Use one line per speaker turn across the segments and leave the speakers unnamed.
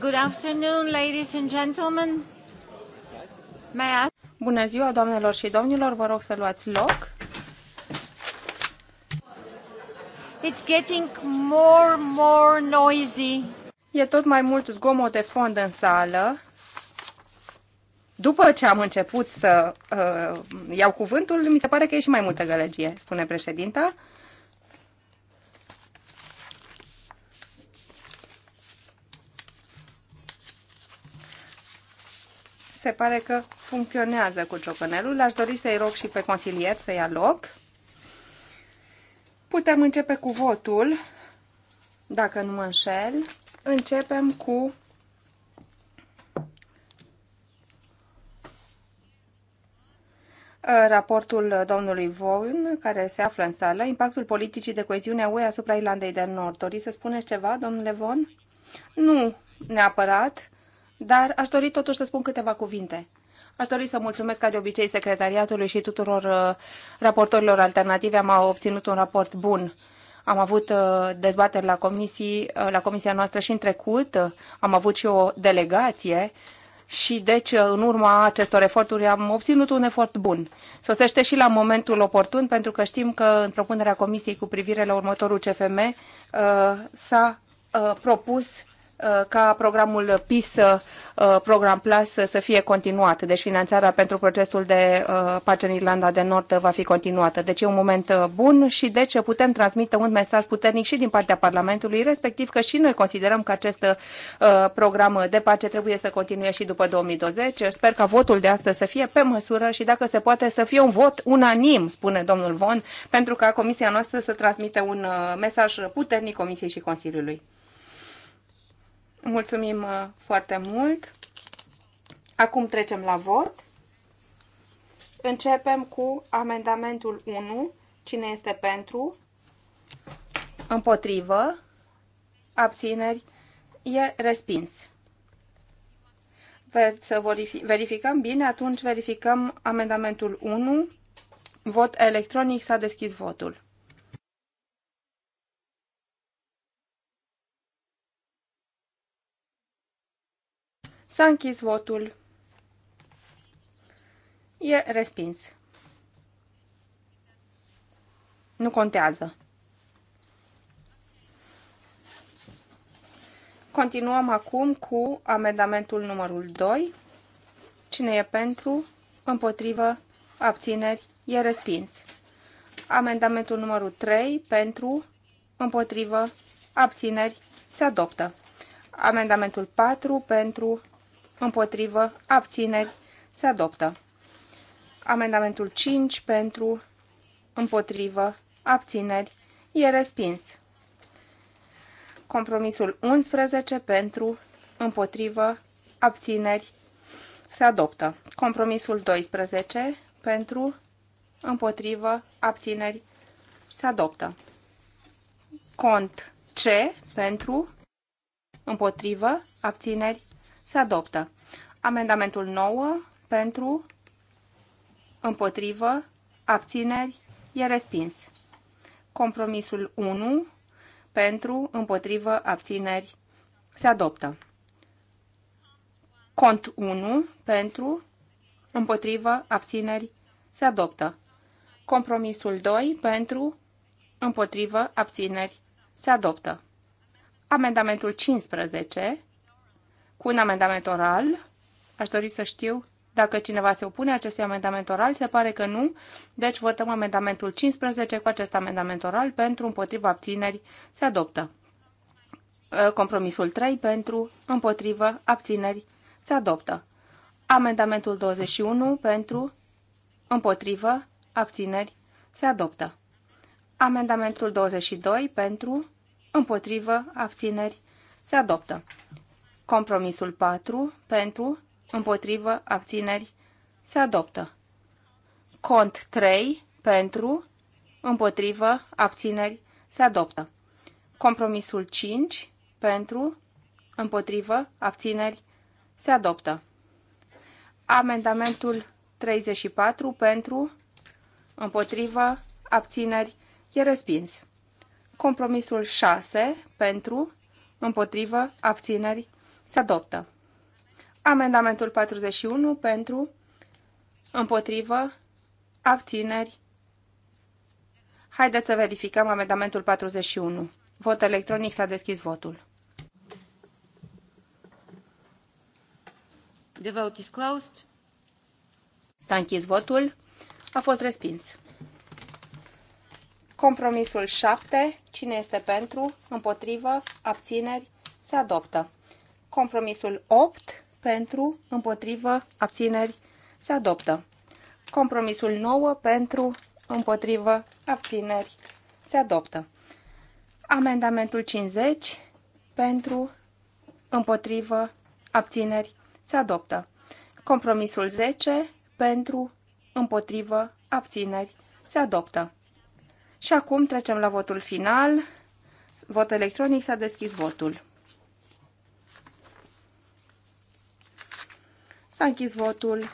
Good afternoon, ladies and gentlemen. May I... Bună ziua, doamnelor și domnilor, vă rog să luați loc. It's getting more, more noisy. E tot mai mult zgomot de fond în sală. După ce am început să uh, iau cuvântul, mi se pare că e și mai multă gălăgie, spune președinta. se pare că funcționează cu ciocănelul. Aș dori să-i rog și pe consilier să ia loc. Putem începe cu votul, dacă nu mă înșel. Începem cu raportul domnului Vaughan, care se află în sală, impactul politicii de coeziune a UE asupra Irlandei de Nord. Doriți să spuneți ceva, domnule Vaughan? Nu neapărat dar aș dori totuși să spun câteva cuvinte. Aș dori să mulțumesc ca de obicei secretariatului și tuturor uh, raportorilor alternative. Am obținut un raport bun. Am avut uh, dezbateri la, comisii, uh, la comisia noastră și în trecut. Am avut și o delegație și deci în urma acestor eforturi am obținut un efort bun. Sosește și la momentul oportun pentru că știm că în propunerea comisiei cu privire la următorul CFM s-a propus Uh, ca programul PIS, uh, program PLAS uh, să fie continuat. Deci finanțarea pentru procesul de pace în Irlanda de Nord va fi continuată. Deci e un moment bun și deci putem transmite un mesaj puternic și din partea Parlamentului, respectiv că și noi considerăm că acest program de pace trebuie să continue și după 2020. Sper ca votul de astăzi să fie pe măsură și dacă se poate să fie un vot unanim, spune domnul Von, pentru ca comisia noastră să transmite un mesaj puternic Comisiei și Consiliului. Mulțumim uh, foarte mult. Acum trecem la vot. Începem cu amendamentul 1. Cine este pentru? Împotrivă? Abțineri? E respins. Ver să verificăm? Bine, atunci verificăm amendamentul 1. Vot electronic. S-a deschis votul. S-a închis votul. E respins. Nu contează. Continuăm acum cu amendamentul numărul 2. Cine e pentru, împotrivă, abțineri, e respins. Amendamentul numărul 3, pentru, împotrivă, abțineri, se adoptă. Amendamentul 4, pentru, împotrivă, abțineri, se adoptă. Amendamentul 5 pentru, împotrivă, abțineri, e respins. Compromisul 11 pentru, împotrivă, abțineri, se adoptă. Compromisul 12 pentru, împotrivă, abțineri, se adoptă. Cont C pentru, împotrivă, abțineri, se adoptă. Amendamentul 9 pentru, împotrivă, abțineri, e respins. Compromisul 1 pentru, împotrivă, abțineri, se adoptă. Cont 1 pentru, împotrivă, abțineri, se adoptă. Compromisul 2 pentru, împotrivă, abțineri, se adoptă. Amendamentul 15 cu un amendament oral. Aș dori să știu dacă cineva se opune acestui amendament oral. Se pare că nu. Deci votăm amendamentul 15 cu acest amendament oral. Pentru, împotriva, abțineri, se adoptă. Uh, compromisul 3 pentru, împotriva abțineri, se adoptă. Amendamentul 21 pentru, împotrivă, abțineri, se adoptă. Amendamentul 22 pentru, împotrivă, abțineri, se adoptă. Compromisul 4 pentru, împotrivă, abțineri se adoptă. Cont 3 pentru, împotrivă, abțineri se adoptă. Compromisul 5 pentru, împotrivă, abțineri se adoptă. Amendamentul 34 pentru, împotrivă, abțineri e respins. Compromisul 6 pentru, împotrivă, abțineri se adoptă. Amendamentul 41 pentru, împotrivă, abțineri. Haideți să verificăm amendamentul 41. Vot electronic s-a deschis votul. The vote is closed. S-a închis votul. A fost respins. Compromisul 7. Cine este pentru? Împotrivă? Abțineri? Se adoptă. Compromisul 8 pentru, împotrivă, abțineri, se adoptă. Compromisul 9 pentru, împotrivă, abțineri, se adoptă. Amendamentul 50 pentru, împotrivă, abțineri, se adoptă. Compromisul 10 pentru, împotrivă, abțineri, se adoptă. Și acum trecem la votul final. Vot electronic s-a deschis votul. S-a închis votul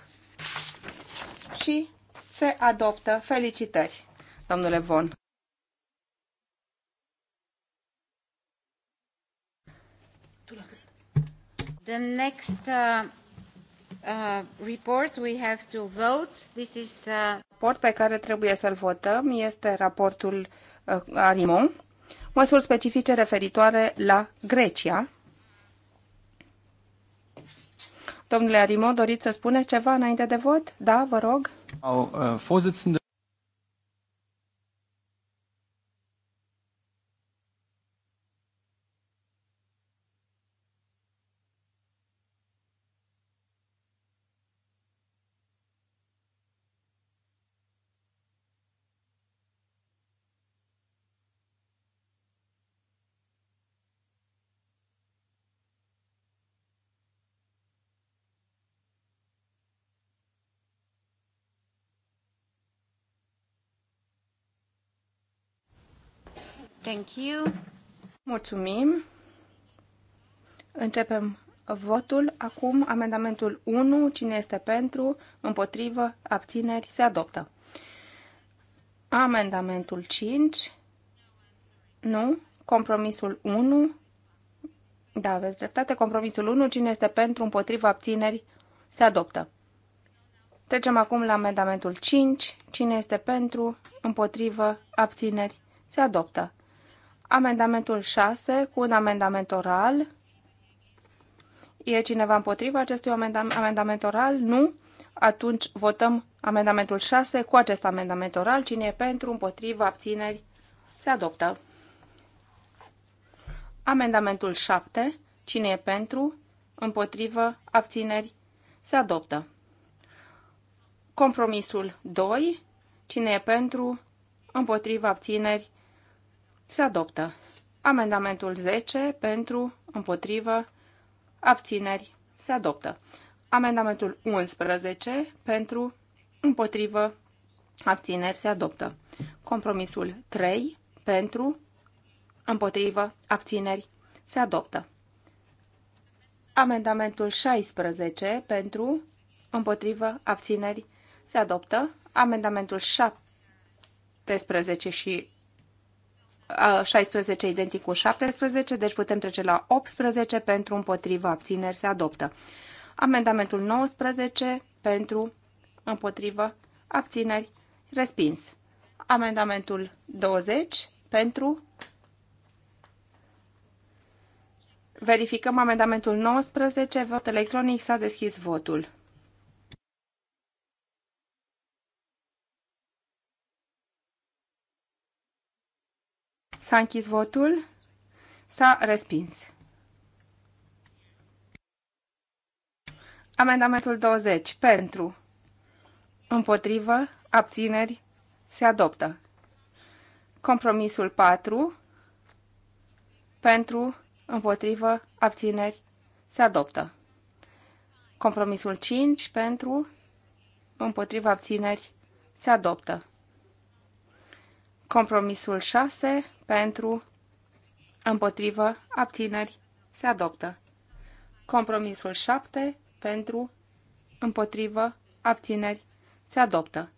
și se adoptă. Felicitări, domnule Von. The next uh, uh, report we have to vote. This is uh... Raport pe care trebuie să-l votăm este raportul uh, Arimon, măsuri specifice referitoare la Grecia. Domnule Arimo, doriți să spuneți ceva înainte de vot? Da, vă rog. Uh, Thank you. Mulțumim. Începem votul. Acum amendamentul 1. Cine este pentru? Împotrivă? Abțineri? Se adoptă. Amendamentul 5. Nu. Compromisul 1. Da, aveți dreptate. Compromisul 1. Cine este pentru? Împotrivă? Abțineri? Se adoptă. Trecem acum la amendamentul 5. Cine este pentru? Împotrivă? Abțineri? Se adoptă. Amendamentul 6 cu un amendament oral. E cineva împotriva acestui amendament oral? Nu. Atunci votăm amendamentul 6 cu acest amendament oral. Cine e pentru, împotriva, abțineri, se adoptă. Amendamentul 7. Cine e pentru, împotrivă, abțineri, se adoptă. Compromisul 2. Cine e pentru, împotriva, abțineri, se adoptă. Amendamentul 10 pentru, împotrivă, abțineri. Se adoptă. Amendamentul 11 pentru, împotrivă, abțineri. Se adoptă. Compromisul 3 pentru, împotrivă, abțineri. Se adoptă. Amendamentul 16 pentru, împotrivă, abțineri. Se adoptă. Amendamentul 17 și 16 identic cu 17, deci putem trece la 18 pentru împotriva abțineri se adoptă. Amendamentul 19 pentru împotrivă abțineri respins. Amendamentul 20 pentru Verificăm amendamentul 19, vot electronic s-a deschis votul. S-a închis votul. S-a respins. Amendamentul 20. Pentru. Împotrivă. Abțineri. Se adoptă. Compromisul 4. Pentru. Împotrivă. Abțineri. Se adoptă. Compromisul 5. Pentru. Împotrivă. Abțineri. Se adoptă. Compromisul 6 pentru, împotrivă, abțineri, se adoptă. Compromisul 7 pentru, împotrivă, abțineri, se adoptă.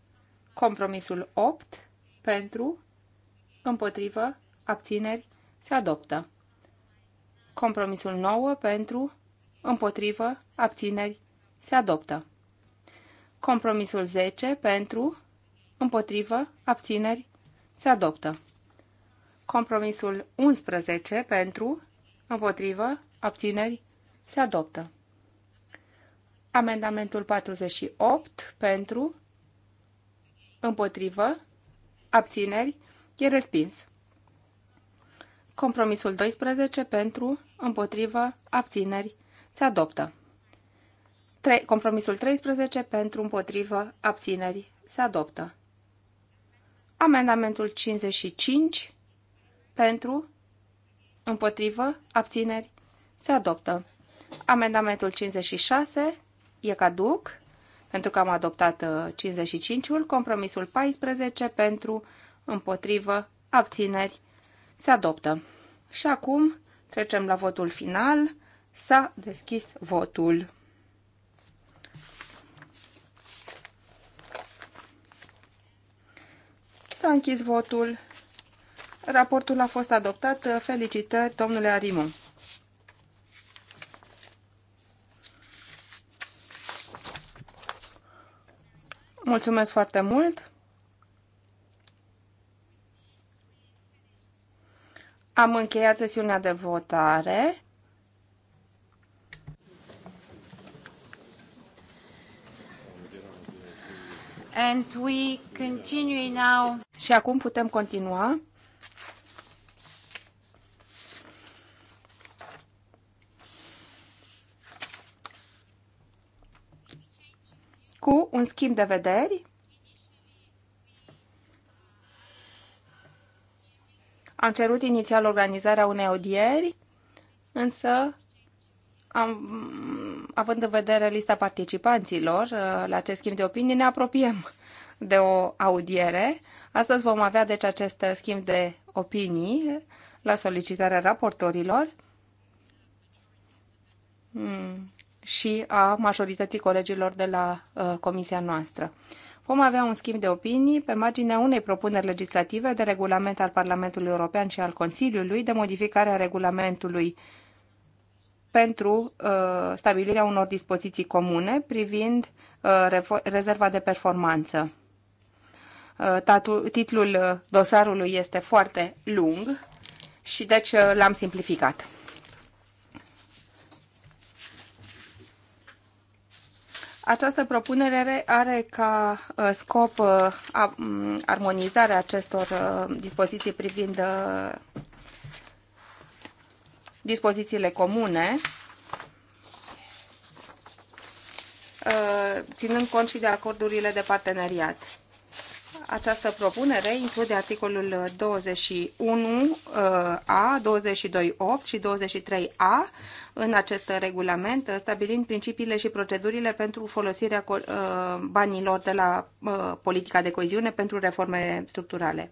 Compromisul 8 pentru, împotrivă, abțineri, se adoptă. Compromisul 9 pentru, împotrivă, abțineri, se adoptă. Compromisul 10 pentru, împotrivă, abțineri, se adoptă. Compromisul 11 pentru, împotrivă, abțineri, se adoptă. Amendamentul 48 pentru, împotrivă, abțineri, e respins. Compromisul 12 pentru, împotrivă, abțineri, se adoptă. Tre compromisul 13 pentru, împotrivă, abțineri, se adoptă. Amendamentul 55 pentru, împotrivă, abțineri, se adoptă. Amendamentul 56 e caduc, pentru că am adoptat 55-ul, uh, compromisul 14 pentru, împotrivă, abțineri, se adoptă. Și acum trecem la votul final. S-a deschis votul. S-a închis votul. Raportul a fost adoptat. Felicitări, domnule Arimu. Mulțumesc foarte mult. Am încheiat sesiunea de votare. And we continue now. Și acum putem continua cu un schimb de vederi Am cerut inițial organizarea unei audieri, însă, am, având în vedere lista participanților uh, la acest schimb de opinii, ne apropiem de o audiere. Astăzi vom avea, deci, acest schimb de opinii la solicitarea raportorilor. Hmm și a majorității colegilor de la uh, comisia noastră. Vom avea un schimb de opinii pe marginea unei propuneri legislative de regulament al Parlamentului European și al Consiliului de modificare a regulamentului pentru uh, stabilirea unor dispoziții comune privind uh, rezerva de performanță. Uh, tatu- titlul uh, dosarului este foarte lung și deci uh, l-am simplificat. Această propunere are ca uh, scop uh, armonizarea acestor uh, dispoziții privind dispozițiile comune, ținând cont și de acordurile de parteneriat. Această propunere include articolul 21a, 22.8 și 23a, în acest regulament, uh, stabilind principiile și procedurile pentru folosirea uh, banilor de la uh, politica de coeziune pentru reforme structurale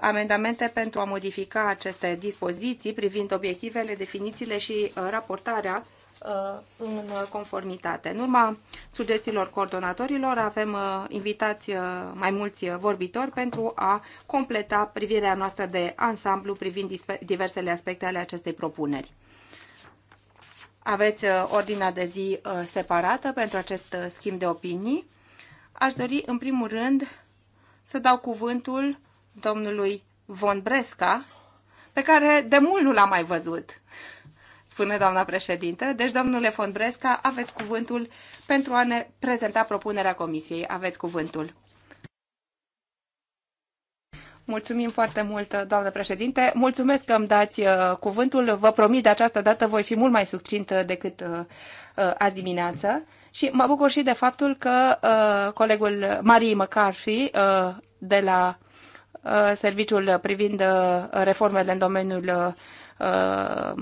amendamente pentru a modifica aceste dispoziții privind obiectivele, definițiile și raportarea în conformitate. În urma sugestiilor coordonatorilor avem invitați mai mulți vorbitori pentru a completa privirea noastră de ansamblu privind diversele aspecte ale acestei propuneri aveți uh, ordinea de zi uh, separată pentru acest uh, schimb de opinii. Aș dori, în primul rând, să dau cuvântul domnului Von Bresca, pe care de mult nu l-am mai văzut, spune doamna președinte. Deci, domnule Von Bresca, aveți cuvântul pentru a ne prezenta propunerea comisiei. Aveți cuvântul. Mulțumim foarte mult, doamnă președinte. Mulțumesc că îmi dați uh, cuvântul. Vă promit de această dată voi fi mult mai succint uh, decât uh, azi dimineață. Și mă bucur și de faptul că colegul Marie McCarthy de la Serviciul privind reformele în domeniul Uh,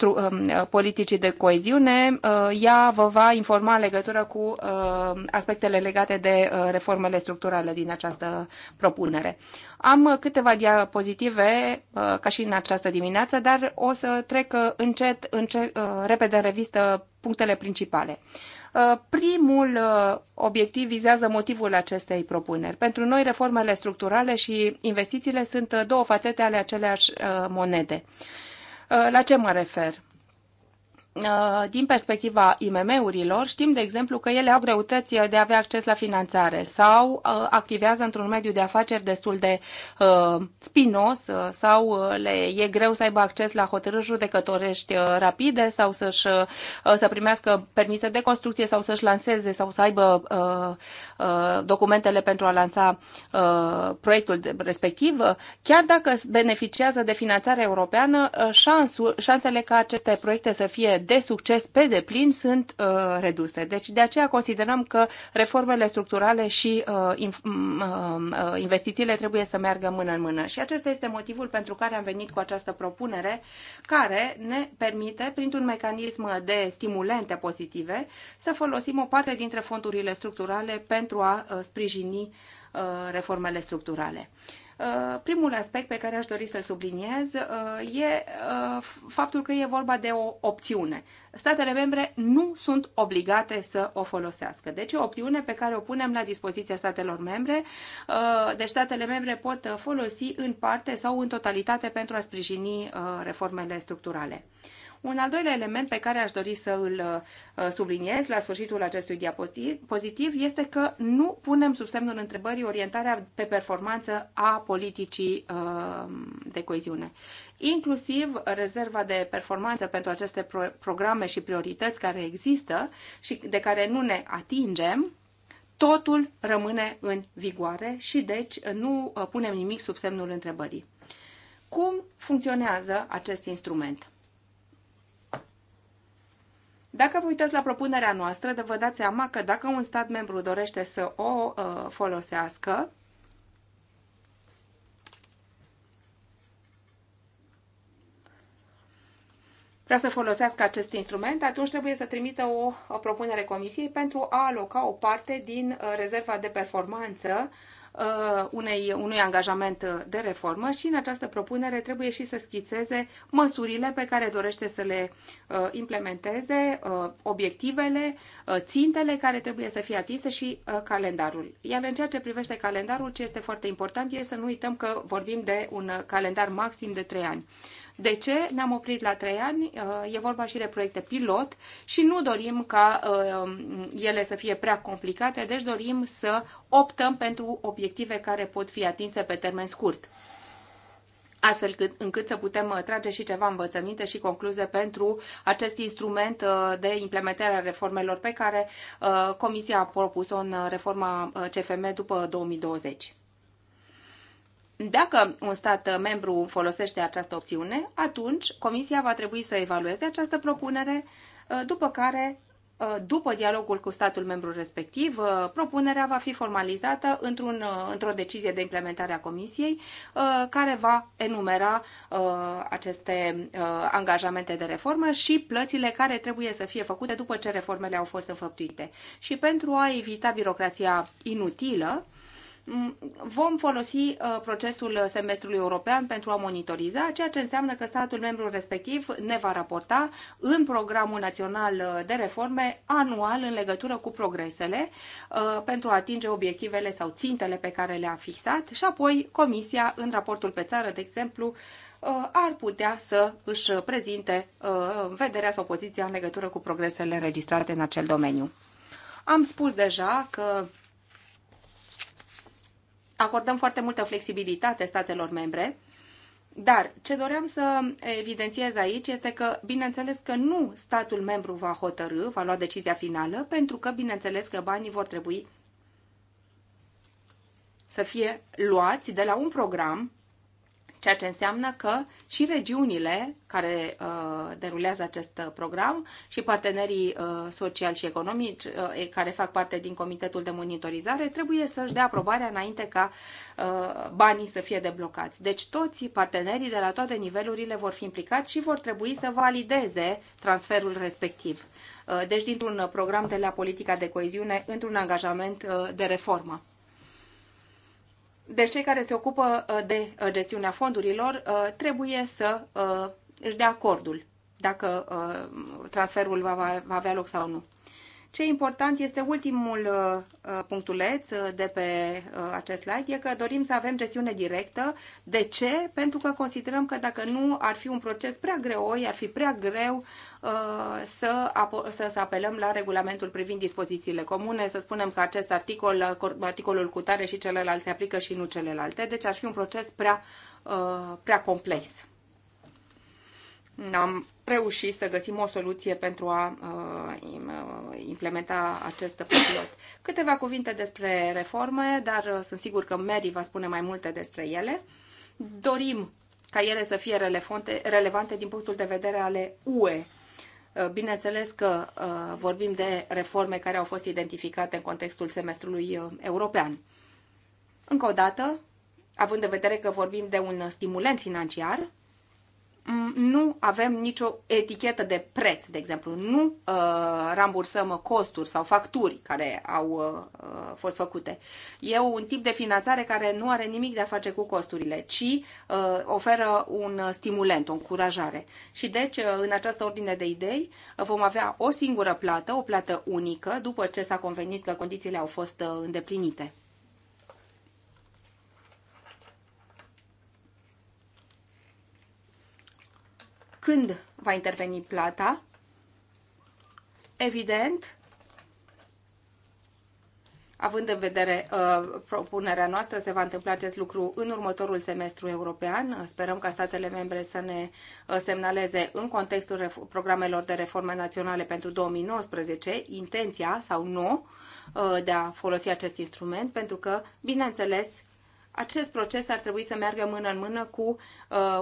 uh, politicii de coeziune. Uh, ea vă va informa în legătură cu aspectele legate de reformele structurale din această propunere. Am câteva diapozitive, ca și în această dimineață, dar o să trec încet, încet repede în revistă punctele principale. Primul obiectiv vizează motivul acestei propuneri. Pentru noi, reformele structurale și investițiile sunt două fațete ale aceleași monede. Uh, la ce mă refer? Uh, din perspectiva IMM-urilor, știm, de exemplu, că ele au greutăți de a avea acces la finanțare sau uh, activează într-un mediu de afaceri destul de uh, spinos uh, sau le e greu să aibă acces la hotărâri judecătorești rapide sau să-și, uh, să primească permise de construcție sau să-și lanseze sau să aibă uh, uh, documentele pentru a lansa uh, proiectul respectiv. Chiar dacă beneficiază de finanțare europeană, șansul, șansele ca aceste proiecte să fie de succes pe deplin sunt uh, reduse. Deci de aceea considerăm că reformele structurale și uh, uh, uh, investițiile trebuie să meargă mână în mână. Și acesta este motivul pentru care am venit cu această propunere care ne permite, printr-un mecanism de stimulente pozitive, să folosim o parte dintre fondurile structurale pentru a uh, sprijini reformele structurale. Uh, primul aspect pe care aș dori să-l subliniez uh, e uh, faptul că e vorba de o opțiune. Statele membre nu sunt obligate să o folosească. Deci e o opțiune pe care o punem la dispoziția statelor membre. Deci statele membre pot folosi în parte sau în totalitate pentru a sprijini reformele structurale. Un al doilea element pe care aș dori să îl uh, subliniez la sfârșitul acestui diapozitiv este că nu punem sub semnul întrebării orientarea pe performanță a politicii uh, de coeziune. Inclusiv rezerva de performanță pentru aceste programe și priorități care există și de care nu ne atingem, totul rămâne în vigoare și deci nu uh, punem nimic sub semnul întrebării. Cum funcționează acest instrument? Dacă vă uitați la propunerea noastră, de vă dați seama că dacă un stat membru dorește să o uh, folosească, vrea să folosească acest instrument, atunci trebuie să trimită o, o propunere comisiei pentru a aloca o parte din uh, rezerva de performanță Uh, unei, unui angajament de reformă și în această propunere trebuie și să schițeze măsurile pe care dorește să le uh, implementeze, uh, obiectivele, țintele care trebuie să fie atinse și calendarul. Iar în ceea ce privește calendarul, ce este foarte important este să nu uităm că vorbim de un calendar maxim de 3 ani. De ce ne-am oprit la trei ani? Uh, e vorba și de proiecte pilot și nu dorim ca uh, ele să fie prea complicate, deci dorim să optăm pentru obiective care pot fi atinse pe termen scurt astfel cât, încât să putem uh, trage și ceva învățăminte și concluze pentru acest instrument de implementare a reformelor pe care Comisia a propus-o în reforma CFM după 2020. Dacă un stat membru folosește această opțiune, atunci Comisia va trebui să evalueze această propunere, uh, după care, uh, după dialogul cu statul membru respectiv, uh, propunerea va fi formalizată într-un, într-o decizie de implementare a Comisiei, care va enumera aceste angajamente de reformă și plățile care trebuie să fie făcute după ce reformele au fost înfăptuite. Și pentru a evita birocrația inutilă, Mm, vom folosi uh, procesul semestrului european pentru a monitoriza, ceea ce înseamnă că statul membru respectiv ne va raporta în programul național uh, de reforme anual în legătură cu progresele uh, pentru a atinge obiectivele sau țintele pe care le-a fixat și apoi Comisia în raportul pe țară, de exemplu, ar putea să își prezinte vederea sau poziția în legătură cu progresele înregistrate în acel domeniu. Am spus deja că acordăm foarte multă flexibilitate statelor membre, dar ce doream să evidențiez aici este că, bineînțeles că nu statul membru va hotărâ, va lua decizia finală, pentru că, bineînțeles că banii vor trebui să fie luați de la un program ceea ce înseamnă că și regiunile care uh, derulează acest uh, program și partenerii uh, sociali și economici uh, care fac parte din comitetul de monitorizare trebuie să-și dea aprobarea înainte ca uh, banii să fie deblocați. Deci toți partenerii de la toate nivelurile vor fi implicați și vor trebui să valideze transferul respectiv. Uh, deci dintr-un program de la politica de coeziune într-un angajament uh, de reformă. Deci cei care se ocupă uh, de uh, gestiunea fondurilor uh, trebuie să își dea acordul dacă transferul va avea loc sau nu. Ce important este ultimul uh, punctuleț uh, de pe uh, acest slide, e că dorim să avem gestiune directă. De ce? Pentru că considerăm că dacă nu ar fi un proces prea greu, ar fi prea greu să, să, să apelăm la regulamentul privind dispozițiile comune, să spunem că acest articol, articolul cu tare și celălalt se aplică și nu celelalte, deci ar fi un proces prea, prea complex. Am reuși să găsim o soluție pentru a uh, uh, implementa acest pilot. Câteva cuvinte despre reforme, dar uh, sunt sigur că Mary va spune mai multe despre ele. Dorim ca ele să fie relevante, relevante din punctul de vedere ale UE. Bineînțeles că vorbim de reforme care au fost identificate în contextul semestrului european. Încă o dată, având în vedere că vorbim de un stimulent financiar, Mm, nu avem nicio etichetă de preț, de exemplu, nu uh, rambursăm costuri sau facturi care au uh, uh, fost făcute. E un tip de finanțare care nu are nimic de a face cu costurile, ci uh, oferă un stimulent, o încurajare. Și deci, uh, în această ordine de idei, uh, vom avea o singură plată, o plată unică, după ce s-a convenit că condițiile au fost uh, îndeplinite. când va interveni plata. Evident, având în vedere uh, propunerea noastră, se va întâmpla acest lucru în următorul semestru european. Sperăm ca statele membre să ne uh, semnaleze în contextul programelor de reforme naționale pentru 2019 intenția sau nu uh, de a folosi acest instrument, pentru că, bineînțeles, acest proces ar trebui să meargă mână în mână cu uh,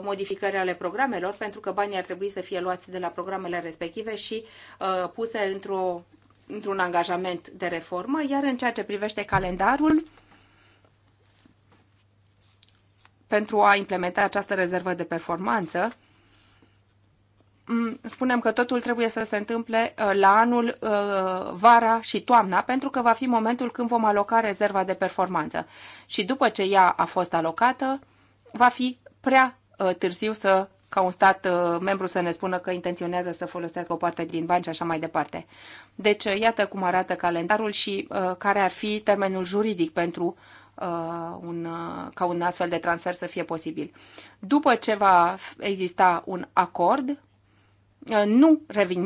modificări ale programelor, pentru că banii ar trebui să fie luați de la programele respective și uh, puse într-o, într-un angajament de reformă, iar în ceea ce privește calendarul, pentru a implementa această rezervă de performanță, Mm, spunem că totul trebuie să se întâmple uh, la anul, uh, vara și toamna, pentru că va fi momentul când vom aloca rezerva de performanță. Și după ce ea a fost alocată, va fi prea uh, târziu să ca un stat membru să ne spună că intenționează să folosească o parte din bani și așa mai departe. Deci, iată cum arată calendarul și uh, care ar fi termenul juridic pentru uh, un, uh, ca un astfel de transfer să fie posibil. După ce va exista un acord Uh, nu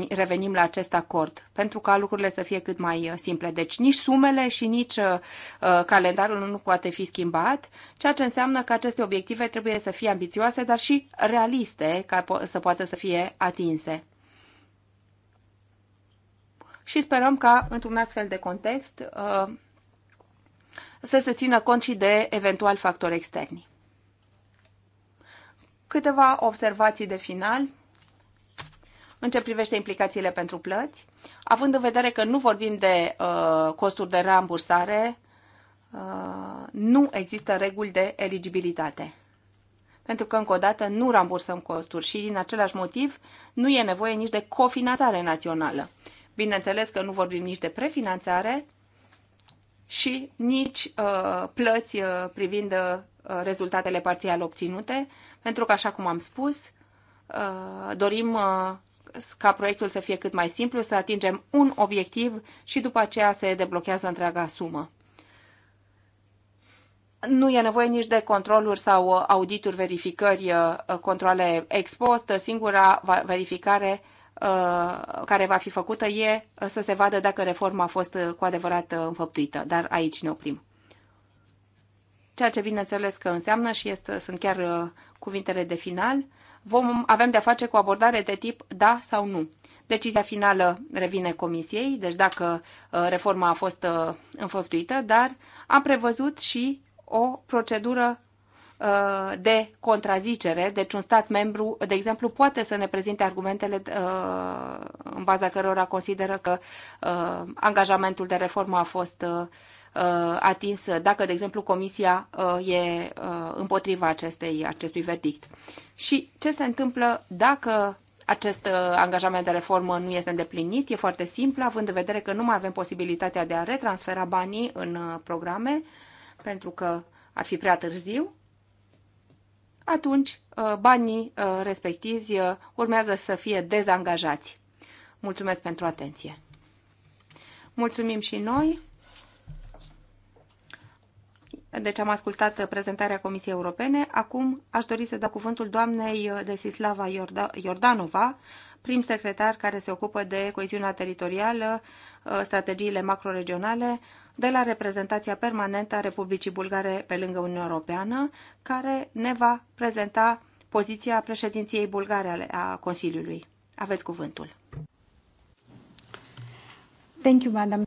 revenim la acest acord pentru ca lucrurile să fie cât mai uh, simple. Deci nici sumele și nici uh, calendarul nu poate fi schimbat, ceea ce înseamnă că aceste obiective trebuie să fie ambițioase, dar și realiste ca să poată să fie atinse. Și sperăm ca, într-un astfel de context, să se țină cont și de eventual factori externi. Câteva observații de final în ce privește implicațiile pentru plăți, având în vedere că nu vorbim de uh, costuri de rambursare, uh, nu există reguli de eligibilitate. Pentru că, încă o dată, nu rambursăm costuri și, din același motiv, nu e nevoie nici de cofinanțare națională. Bineînțeles că nu vorbim nici de prefinanțare și nici uh, plăți uh, privind uh, rezultatele parțial obținute, pentru că, așa cum am spus, uh, dorim uh, ca proiectul să fie cât mai simplu, să atingem un obiectiv și după aceea se deblochează întreaga sumă. Nu e nevoie nici de controluri sau audituri, verificări, uh, controle ex post. Singura verificare uh, care va fi făcută e uh, să se vadă dacă reforma a fost cu adevărat înfăptuită, dar aici ne oprim. Ceea ce bineînțeles că înseamnă și este, sunt chiar cuvintele de final, vom, avem de-a face cu abordare de tip da sau nu. Decizia finală revine comisiei, deci dacă uh, reforma a fost uh, înfăptuită, dar am prevăzut și o procedură uh, de contrazicere, deci un stat membru, de exemplu, poate să ne prezinte argumentele în baza cărora consideră că angajamentul de reformă a fost Uh, atins dacă, de exemplu, Comisia uh, e uh, împotriva acestei, acestui verdict. Și ce se întâmplă dacă acest angajament de reformă nu este îndeplinit? E foarte simplu, având în vedere că nu mai avem posibilitatea de a retransfera banii în programe, pentru că ar fi prea târziu, atunci banii respectivi urmează să fie dezangajați. Mulțumesc pentru atenție! Mulțumim și noi! Deci am ascultat prezentarea Comisiei Europene. Acum aș dori să dau cuvântul doamnei Desislava Iordanova, prim secretar care se ocupă de coeziunea teritorială, uh, strategiile macroregionale, de la reprezentația permanentă a Republicii Bulgare pe lângă Uniunea Europeană, care ne va prezenta poziția președinției bulgare a Consiliului. Aveți cuvântul. Thank you, madam.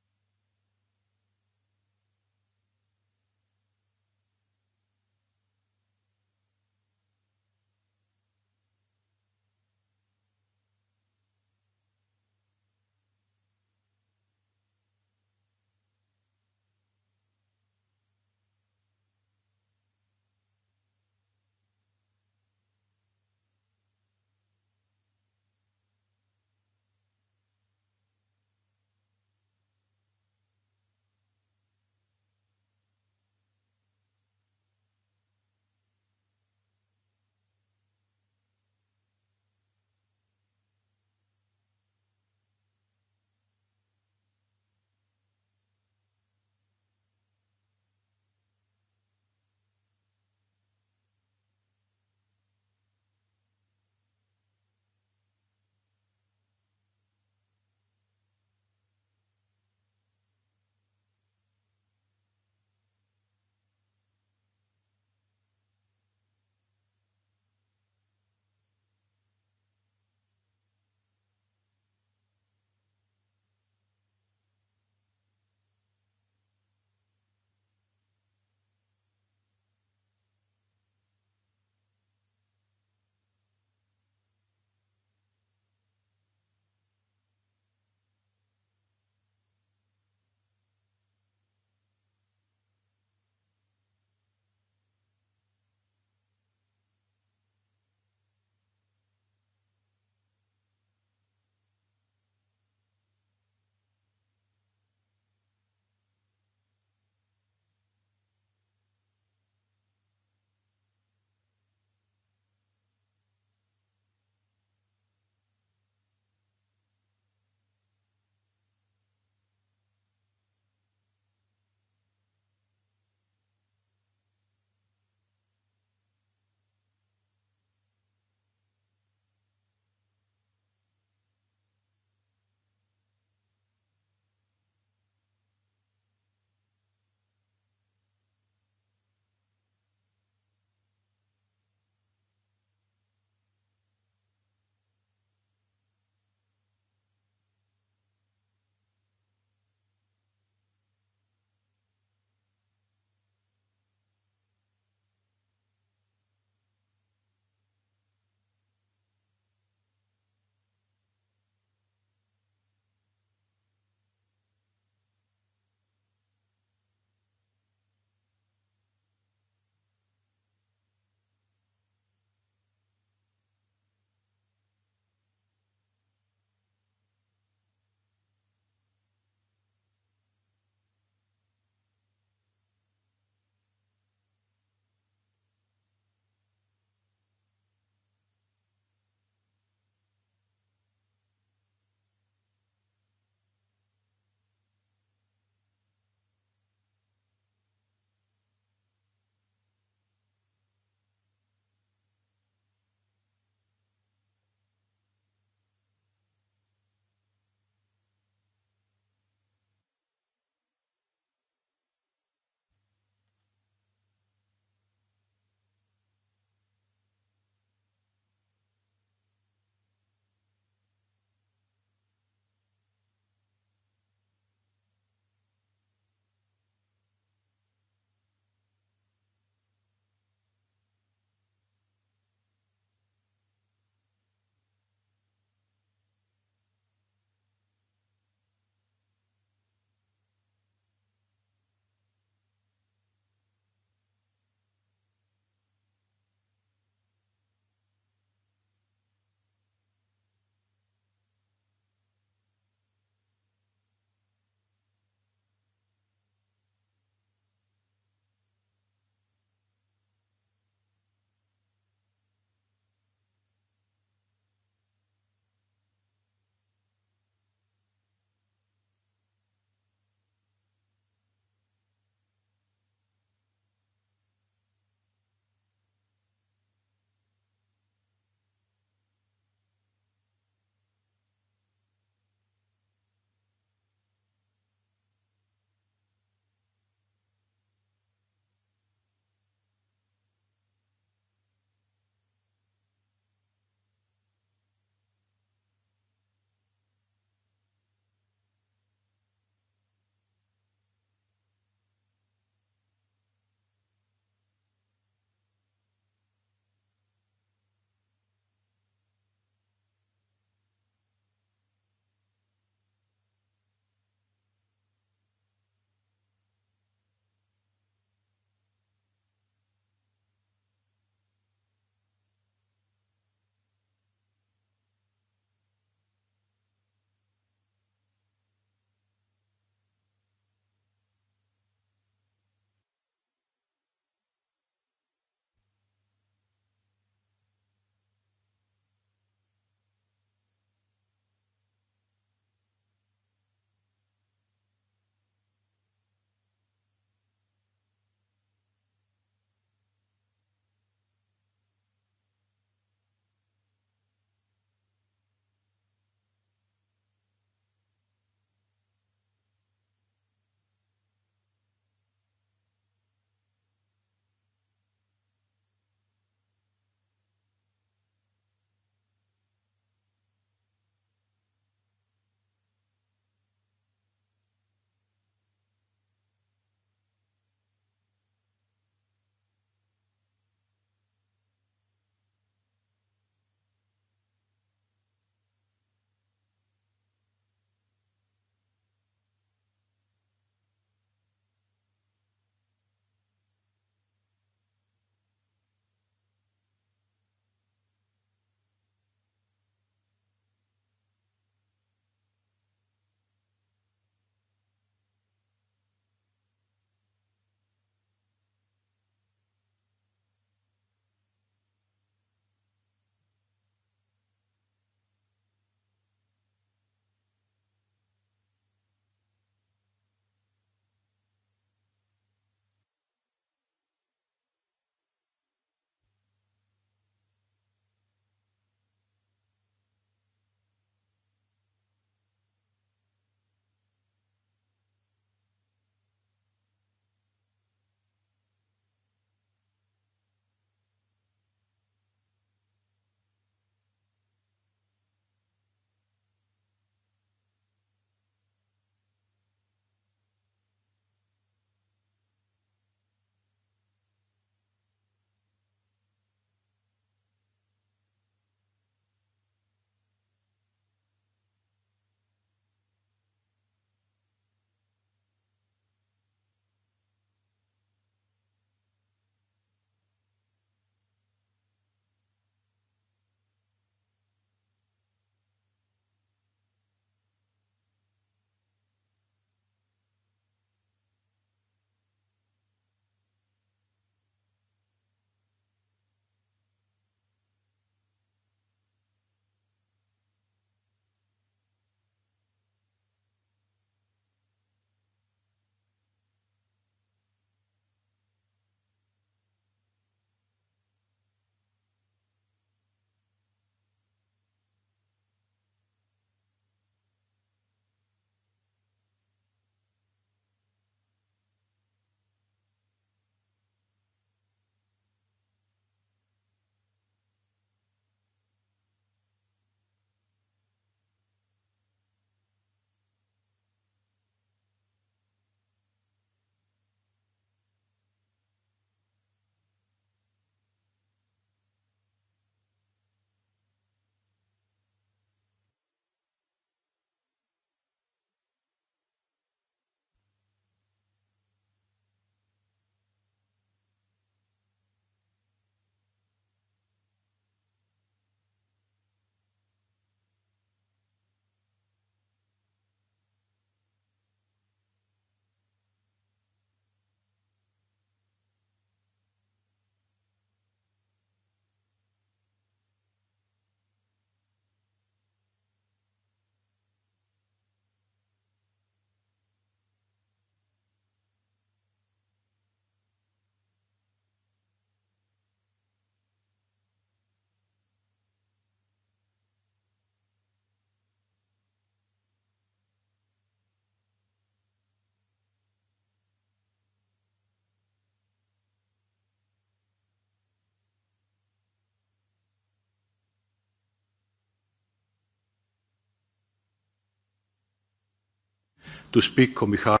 to speak on behalf.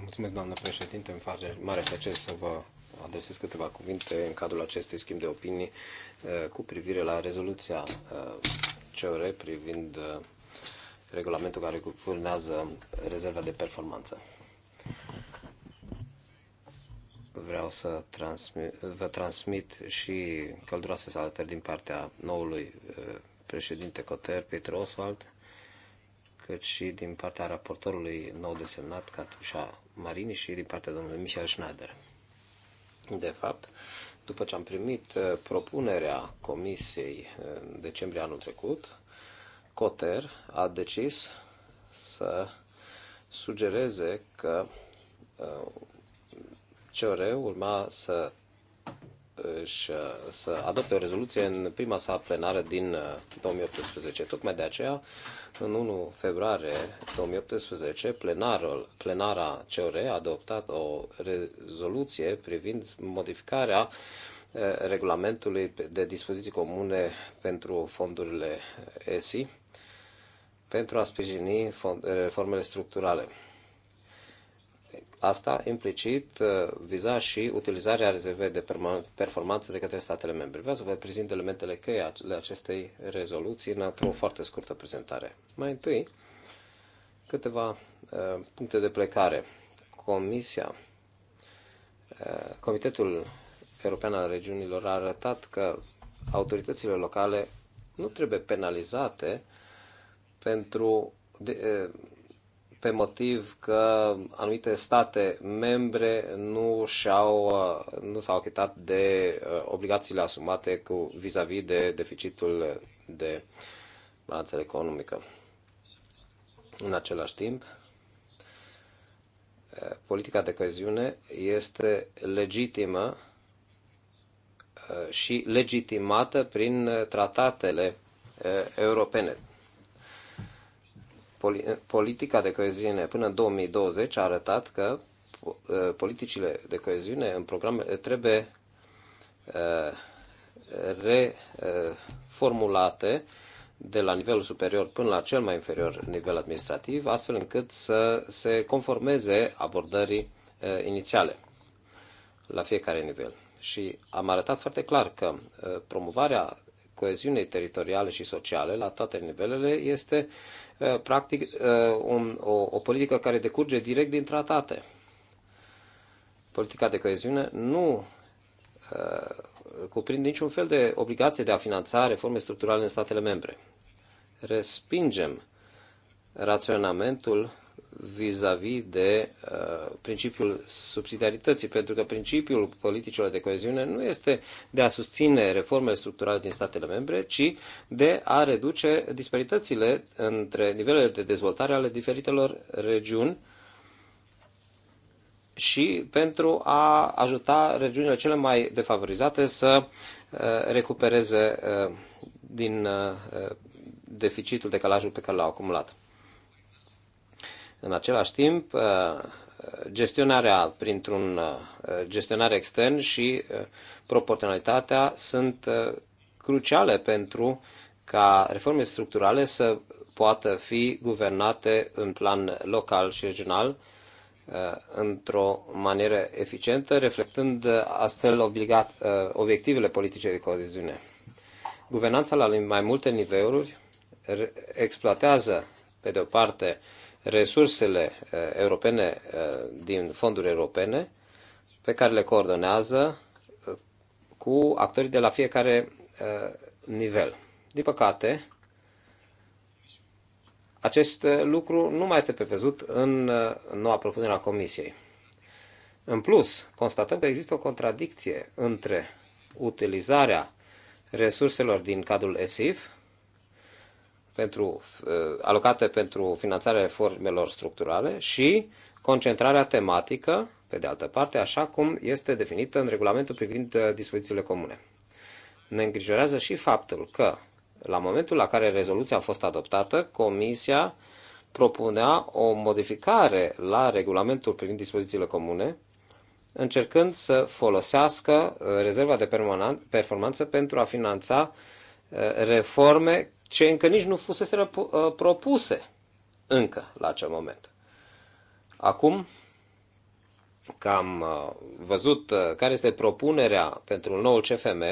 mulțumesc, doamnă președinte. Îmi face mare plăcere să vă adresez câteva cuvinte în cadrul acestui schimb de opinii eh, cu privire la rezoluția eh, CR privind eh, regulamentul care guvernează rezerva de performanță. Vreau să transmit, vă transmit și călduroase salutări din partea noului președinte Coter, Peter Oswald, cât și din partea raportorului nou desemnat, Cartușa Marini, și din partea domnului Michel Schneider. De fapt, după ce am primit uh, propunerea Comisiei uh, în decembrie anul trecut, Coter a decis să sugereze că uh, CR urma să își, uh, să adopte o rezoluție în prima sa plenară din 2018. Uh, Tocmai de aceea, în 1 februarie 2018, plenarul, plenara CR a adoptat o rezoluție privind modificarea uh, regulamentului de dispoziții comune pentru fondurile ESI pentru a sprijini reformele structurale asta implicit uh, viza și utilizarea rezervei de performanță de către statele membre. Vreau să vă prezint elementele cheie ale acestei rezoluții într-o foarte scurtă prezentare. Mai întâi, câteva uh, puncte de plecare. Comisia, uh, Comitetul European al Regiunilor a arătat că autoritățile locale nu trebuie penalizate pentru de, pe motiv că anumite state membre nu, și-au, uh, nu s-au achitat de uh, obligațiile asumate cu vis-a-vis -vis de deficitul de balanță economică. În același timp, uh, politica de căziune este legitimă și legitimată prin tratatele europene politica de coeziune până în 2020 a arătat că uh, politicile de coeziune în programe trebuie uh, reformulate uh, de la nivelul superior până la cel mai inferior nivel administrativ, astfel încât să se conformeze abordării inițiale la fiecare nivel. Și am arătat foarte clar că promovarea coeziunei teritoriale și sociale la toate nivelele este Uh, practic uh, un, o, o politică care decurge direct din tratate. Politica de coeziune nu uh, cuprind niciun fel de obligație de a finanța reforme structurale în statele membre. Respingem raționamentul vis-a-vis de uh, principiul subsidiarității, pentru că principiul politicilor de coeziune nu este de a susține reformele structurale din statele membre, ci de a reduce disparitățile între nivelele de dezvoltare ale diferitelor regiuni și pentru a ajuta regiunile cele mai defavorizate să uh, recupereze uh, din uh, uh deficitul, decalajul pe care l-au acumulat. În același timp, uh, gestionarea printr-un uh, gestionare extern și uh, proporționalitatea sunt cruciale pentru ca reformele structurale să poată fi guvernate în plan local și regional într-o manieră eficientă, reflectând astfel obligat, obiectivele politice de coeziune. Guvernanța la mai multe niveluri exploatează, pe de o parte, resursele eh, europene eh, din fonduri europene pe care le coordonează eh, cu actorii de la fiecare nivel. Din păcate, acest lucru nu mai este prevăzut în noua propunere a Comisiei. În plus, constatăm că există o contradicție între utilizarea resurselor din cadrul ESIF pentru, uh, alocate pentru finanțarea reformelor structurale și concentrarea tematică, pe de altă parte, așa cum este definită în regulamentul privind uh, dispozițiile comune. Ne îngrijorează și faptul că, la momentul la care rezoluția a fost adoptată, Comisia propunea o modificare la regulamentul privind dispozițiile comune, încercând să folosească uh, rezerva de performanță pentru a finanța reforme ce încă nici nu fusese uh, propuse încă la acel moment. Acum că am uh, văzut uh, care este propunerea pentru noul CFM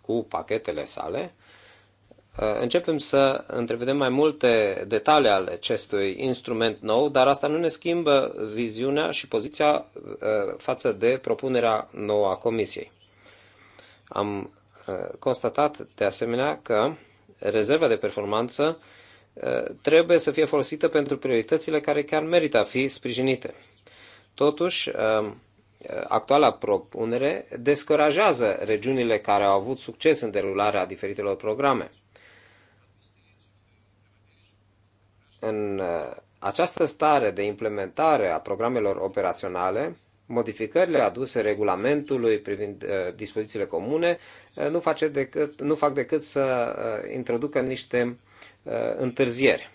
cu pachetele sale, începem să întrevedem mai multe detalii ale acestui instrument nou, dar asta nu ne schimbă viziunea și poziția față de propunerea nouă a Comisiei. Am constatat de asemenea că rezerva de performanță eh, trebuie să fie folosită pentru prioritățile care chiar merită a fi sprijinite. Totuși, eh, actuala propunere descurajează regiunile care au avut succes în derularea diferitelor programe. În eh, această stare de implementare a programelor operaționale, modificările aduse regulamentului privind uh, dispozițiile comune uh, nu, face decât, nu fac decât să uh, introducă niște uh, întârzieri.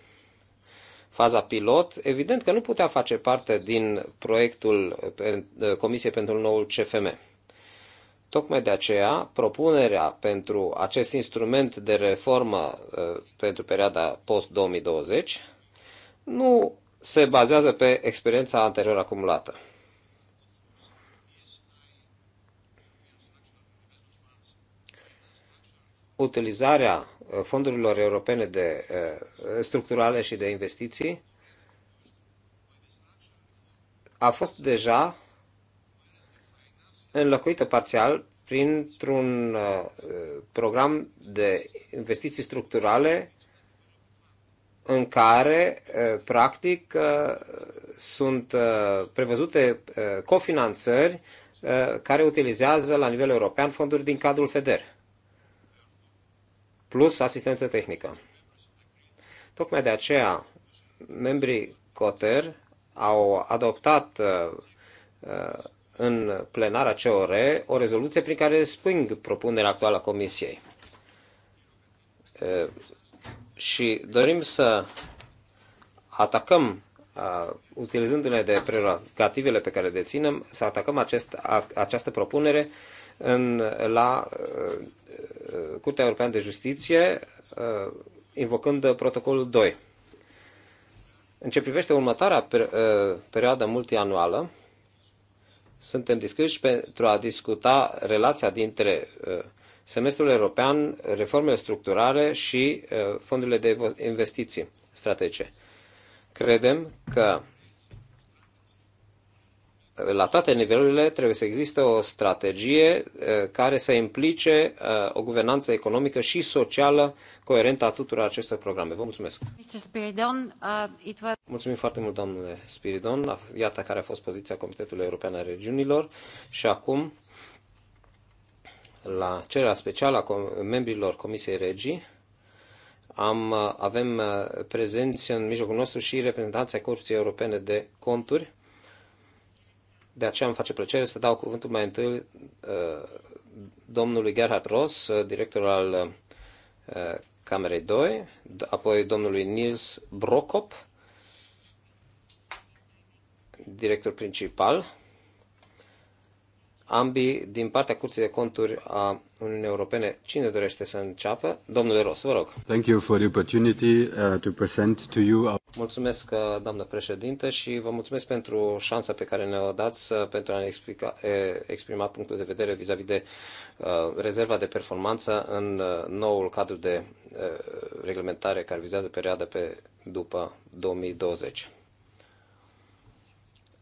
Faza pilot, evident că nu putea face parte din proiectul uh, uh Comisiei pentru noul CFM. Tocmai de aceea, propunerea pentru acest instrument de reformă uh, pentru perioada post-2020 nu se bazează pe experiența anterior acumulată. utilizarea uh, fondurilor europene de uh, structurale și de investiții a fost deja înlocuită parțial printr-un uh, program de investiții structurale în care, practic, sunt prevăzute cofinanțări care utilizează la nivel european fonduri din cadrul FEDER. Plus asistență tehnică. Tocmai de aceea, membrii COTER au adoptat uh, uh, în plenara COR o rezoluție prin care resping propunerea actuală a Comisiei. Uh, și dorim să atacăm, utilizându-ne de prerogativele pe care le deținem, să atacăm acest, această propunere în, la uh, Curtea Europeană de Justiție, uh, invocând protocolul 2. În ce privește următoarea uh, perioadă multianuală, suntem discuși pentru a discuta relația dintre semestrul european, reformele structurale și fondurile de investiții strategice. Credem că la toate nivelurile trebuie să existe o strategie eh, care să implice eh, o guvernanță economică și socială coerentă a tuturor acestor programe. Vă mulțumesc!
Mr. Spiridon, uh, it was...
Mulțumim foarte mult, domnule Spiridon. Iată care a fost poziția Comitetului European al Regiunilor și acum la cererea specială a membrilor Comisiei Regii am, eh, avem prezenți în mijlocul nostru și reprezentanța Curții Europene de Conturi de aceea îmi face plăcere să dau cuvântul mai întâi uh, domnului Gerhard Ross, uh, director al uh, Camerei 2, apoi domnului Nils Brokop, director principal, ambii din partea Curții de Conturi a Uniunii Europene. Cine dorește să înceapă? Domnule Ros, vă rog.
Thank you for the opportunity uh, to present to you.
Mulțumesc, uh, doamnă președinte, și vă mulțumesc pentru șansa pe care ne-o dați uh, pentru a ne explica, exprima punctul de vedere vis a -vis de rezerva de performanță în noul cadru de reglementare care vizează perioada pe după 2020.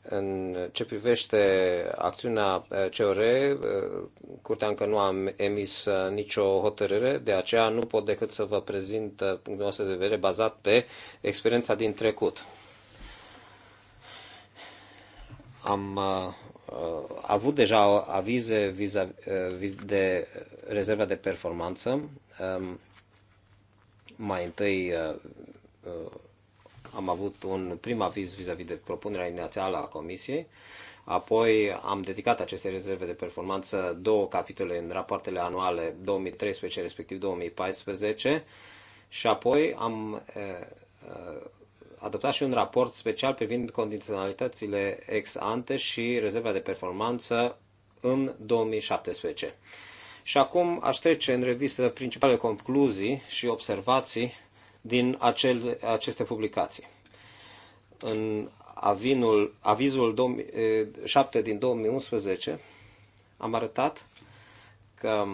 În ce privește acțiunea eh, COR, eh, curtea încă nu a emis eh, nicio hotărâre, de aceea nu pot decât să vă prezint punctul nostru de vedere bazat pe experiența din trecut. Am uh, avut deja avize viza, uh, de rezerva de performanță, um, mai întâi uh, am avut un prim aviz vis-a-vis -vis de propunerea inițială a Comisiei, apoi am dedicat aceste rezerve de performanță două capitole în rapoartele anuale 2013 respectiv 2014 și apoi am eh, eh, adoptat și un raport special privind condiționalitățile ex ante și rezerva de performanță în 2017. Și acum aș trece în revistă principalele concluzii și observații din acel, aceste publicații. În avinul, avizul 7 eh, din 2011 am arătat că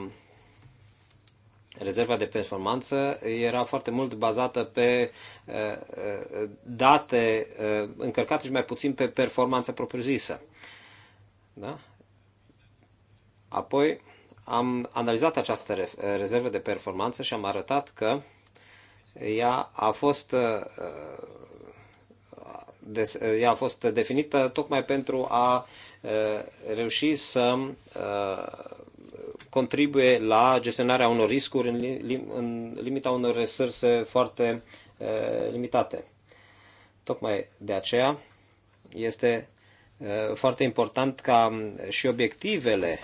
rezerva de performanță era foarte mult bazată pe eh, eh, date încărcate și mai puțin pe performanță propriu-zisă. Da? Apoi am analizat această rezervă de performanță și am arătat că ea a fost, uh, ea a fost definită tocmai pentru a uh, reuși să uh, contribuie la gestionarea unor riscuri în limita unor resurse foarte limitate. Tocmai de aceea este foarte important ca și obiectivele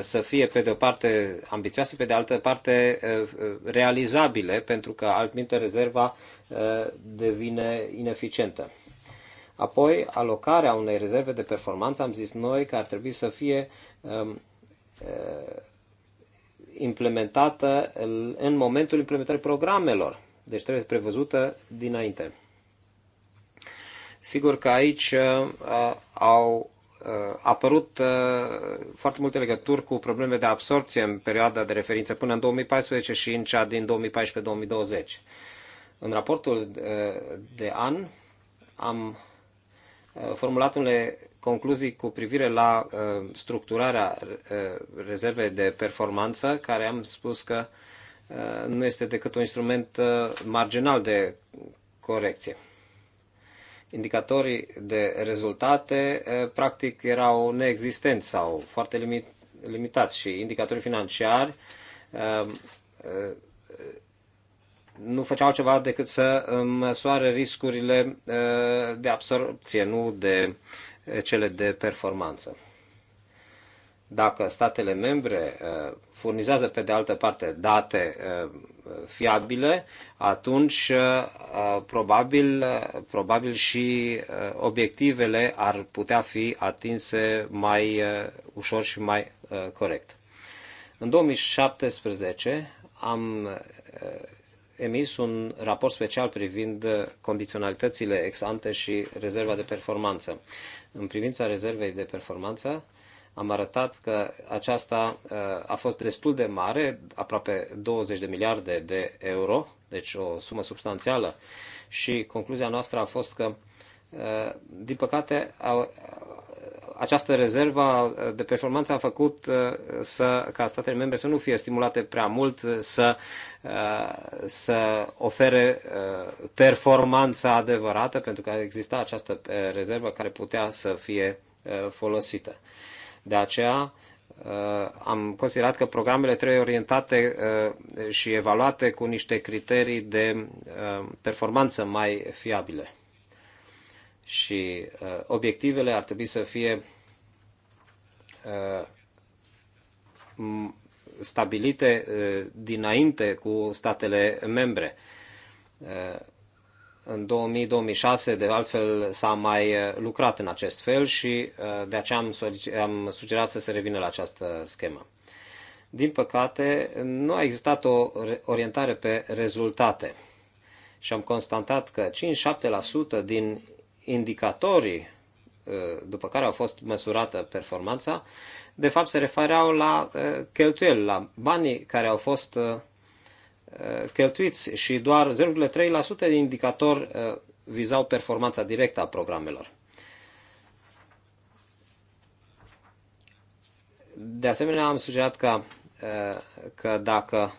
să fie pe de o parte ambițioase, pe de altă parte eh, realizabile, pentru că altminte rezerva eh, devine ineficientă. Apoi, alocarea unei rezerve de performanță, am zis noi că ar trebui să fie ehm, eh, implementată în momentul implementării programelor. Deci trebuie prevăzută dinainte. Sigur că aici au Uh, apărut uh, foarte multe legături cu probleme de absorpție în perioada de referință până în 2014 și în cea din 2014-2020. În raportul uh, de an am formulat unele concluzii cu privire la structurarea rezervei de performanță, care am spus că nu este decât un instrument marginal de corecție indicatorii de rezultate practic erau neexistenți sau foarte limit, limitați și indicatorii financiari nu făceau altceva decât să măsoare riscurile de absorpție, nu de cele de performanță. Dacă statele membre furnizează pe de altă parte date fiabile, atunci uh, probabil, uh, probabil și uh, obiectivele ar putea fi atinse mai ușor și mai corect. În 2017 am emis un raport special privind condiționalitățile ex ante și rezerva de performanță. În privința rezervei de performanță, am arătat că aceasta uh, a fost destul de mare, aproape 20 de miliarde de euro, deci o sumă substanțială și concluzia noastră a fost că, uh, din păcate, uh, această rezervă de performanță a făcut să, ca statele membre să nu fie stimulate prea mult să, să ofere performanța adevărată, pentru că exista această rezervă care putea să fie folosită. De aceea uh, am considerat că programele trebuie orientate uh, și evaluate cu niște criterii de uh, performanță mai fiabile. Și obiectivele ar trebui să fie stabilite dinainte cu statele membre în 2006 de altfel, s-a mai uh, lucrat în acest fel și uh, de aceea am, am sugerat să se revină la această schemă. Din păcate, nu a existat o orientare pe rezultate și am constatat că 5-7% din indicatorii uh, după care au fost măsurată performanța, de fapt se refereau la cheltuieli, la banii care au fost cheltuiți și doar 0,3% din indicator vizau performanța directă a programelor. De asemenea, am sugerat că, uh, că dacă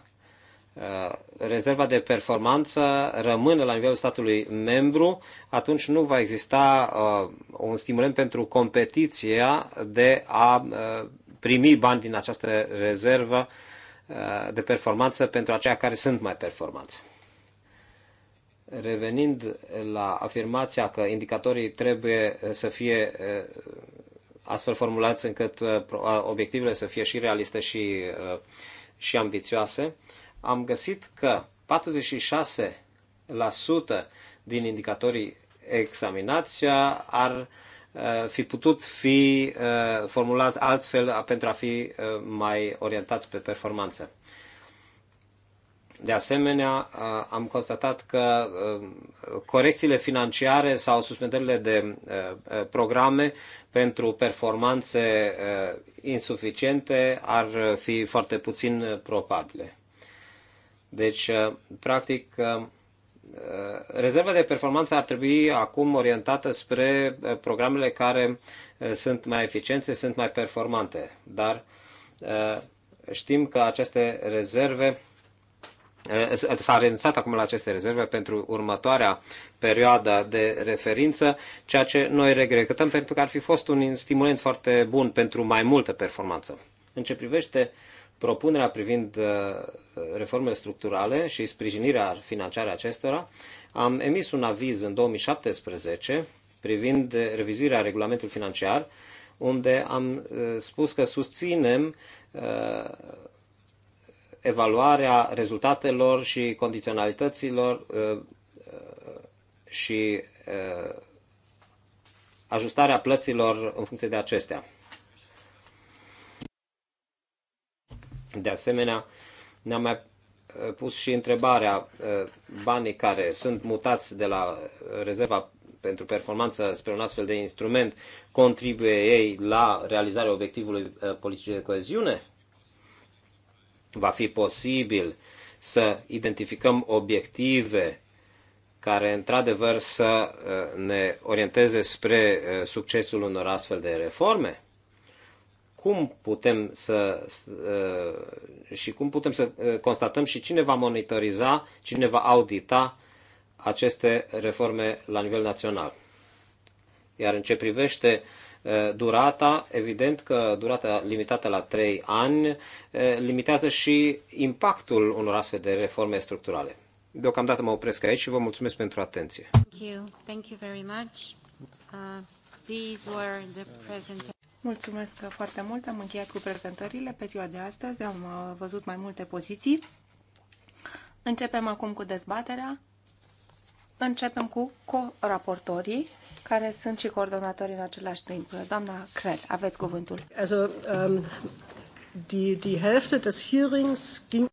uh, rezerva de performanță rămâne la nivelul statului membru, atunci nu va exista uh, un stimulent pentru competiția de a primi bani din această rezervă uh, de performanță pentru aceia care sunt mai performanți. Revenind la afirmația că indicatorii trebuie eh, să fie eh, astfel formulați încât eh, obiectivele să fie și realiste și, și ambițioase, am găsit că 46% din indicatorii examinați ar Uh, fi putut fi uh, formulați altfel uh, pentru a fi mai orientați pe performanță. De asemenea, am constatat că corecțiile financiare sau suspendările de programe pentru performanțe insuficiente ar fi foarte puțin probabile. Deci, practic, Uh, rezerva de performanță ar trebui acum orientată spre uh, programele care uh, sunt mai eficiente, sunt mai performante, dar știm că aceste rezerve s-a renunțat acum la aceste rezerve pentru următoarea perioadă de referință, ceea ce noi regretăm pentru că ar fi fost un stimulant foarte bun pentru mai multă performanță. În ce privește uh, propunerea privind uh, reformele structurale și sprijinirea financiară acestora, am emis un aviz în 2017 privind revizuirea regulamentului financiar, unde am uh, spus că susținem uh, evaluarea rezultatelor și condiționalităților și ajustarea plăților în funcție de acestea. De asemenea, ne-am mai eh, pus și întrebarea, eh, banii care sunt mutați de la rezerva pentru performanță spre un astfel de instrument, contribuie ei la realizarea obiectivului eh, politicii de coeziune? Va fi posibil să identificăm obiective care într-adevăr să ne orienteze spre succesul unor astfel de reforme? cum putem să uh, și cum putem să uh, constatăm și cine va monitoriza, cine va audita aceste reforme la nivel național. Iar în ce privește uh, durata, evident că durata limitată la 3 ani limitează și impactul unor astfel de reforme structurale. Deocamdată mă opresc aici și vă mulțumesc pentru atenție.
Thank you. Thank you very much. Uh, these were the Mulțumesc foarte mult. Am încheiat cu prezentările pe ziua de astăzi. Am uh, văzut mai multe poziții. Începem acum cu dezbaterea. Începem cu co-raportorii, care sunt și coordonatori în același timp. Doamna Crel, aveți cuvântul. Also, um, die, die Hälfte des Hearings ging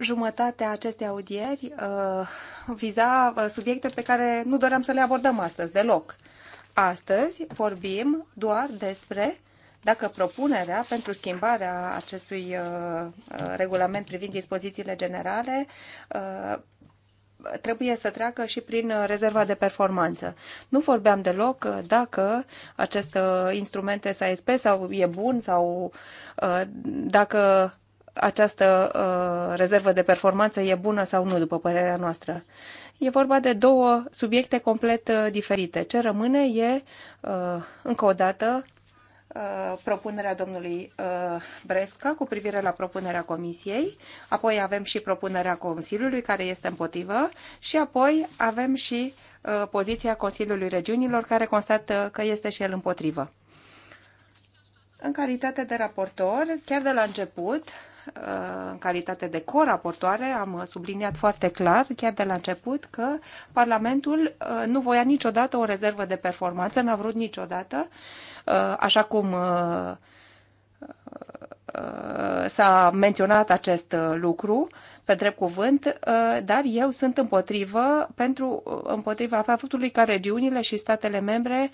jumătatea acestei audieri uh, viza uh, subiecte pe care nu doream să le abordăm astăzi deloc. Uh, Astăzi vorbim doar despre dacă propunerea pentru schimbarea acestui uh, uh, regulament privind dispozițiile generale uh, trebuie să treacă și prin uh, rezerva de performanță. Nu vorbeam deloc uh, dacă acest instrument SASP sau e bun sau dacă această uh, rezervă de performanță e bună sau nu, după părerea noastră. E vorba de două subiecte complet uh, diferite. Ce rămâne e, uh, încă o dată, uh, propunerea domnului uh, Bresca cu privire la propunerea comisiei, apoi avem și propunerea Consiliului care este împotrivă și apoi avem și uh, poziția Consiliului Regiunilor care constată că este și el împotrivă. În calitate de raportor, chiar de la început, Uh, în calitate de coraportoare, am uh, subliniat foarte clar, chiar de la început, că Parlamentul uh, nu voia niciodată o rezervă de performanță, n-a vrut niciodată, așa cum s-a menționat acest lucru pe drept cuvânt, dar eu sunt împotrivă pentru împotriva faptului ca regiunile și statele membre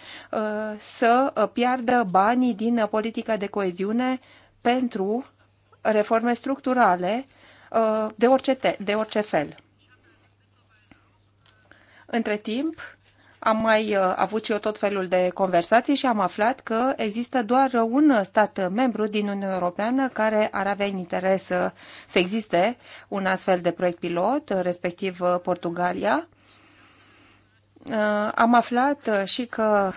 să piardă banii din politica de coeziune pentru reforme structurale uh, de orice, te, de orice fel. Între timp, am mai uh, avut și eu tot felul de conversații și am aflat că există doar un stat membru din Uniunea Europeană care ar avea interes să existe un astfel de proiect pilot, respectiv uh, Portugalia. Am aflat și că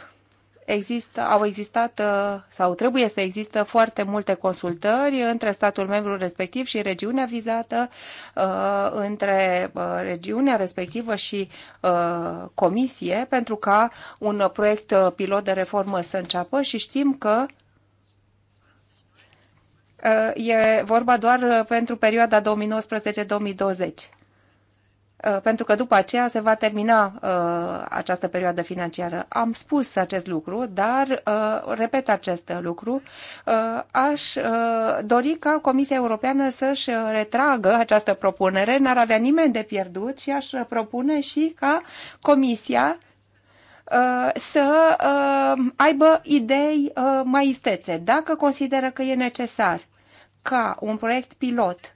există, au existat uh, sau trebuie să există foarte multe consultări între statul membru respectiv și regiunea vizată, uh, între uh, regiunea respectivă și comisie, pentru ca un proiect pilot de reformă să înceapă și știm că e vorba doar pentru perioada 2019-2020. Uh, pentru că după aceea se va termina uh, această perioadă financiară. Am spus acest lucru, dar uh, repet acest lucru. Uh, aș uh, dori ca Comisia Europeană să-și retragă această propunere, n-ar avea nimeni de pierdut și aș propune și ca Comisia uh, să uh, aibă idei mai istețe. Dacă consideră că e necesar ca un proiect pilot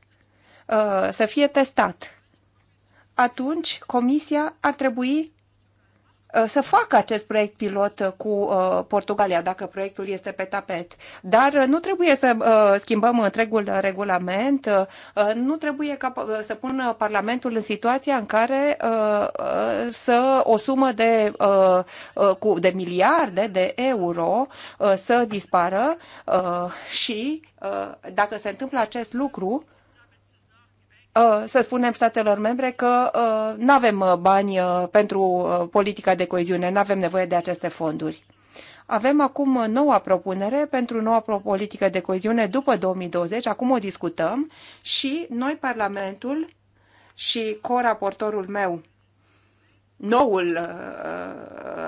să fie testat atunci Comisia ar trebui uh, să facă acest proiect pilot cu uh, Portugalia, dacă proiectul este pe tapet. Dar uh, nu trebuie să schimbăm întregul regulament, nu trebuie ca să pună Parlamentul în situația în care să o sumă de, cu, de miliarde de euro să dispară și dacă se întâmplă acest lucru, Uh, să spunem statelor membre că uh, nu avem uh, bani pentru politica de coeziune, nu avem nevoie de aceste fonduri. Avem acum noua propunere pentru noua politică de coeziune după 2020, acum o discutăm și noi, Parlamentul și coraportorul meu, noul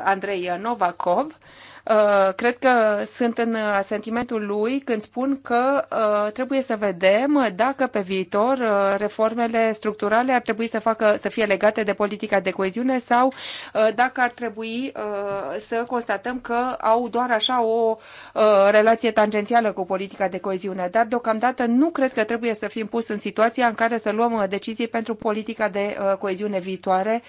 Andrei Novakov, Uh, cred că sunt în sentimentul lui când spun că uh, trebuie să vedem dacă pe viitor uh, reformele structurale ar trebui să, facă, să fie legate de politica de coeziune sau dacă ar trebui să constatăm că au doar așa o relație tangențială cu politica de coeziune. Dar deocamdată nu cred că trebuie să fim pus în situația în care să luăm decizii pentru politica de coeziune viitoare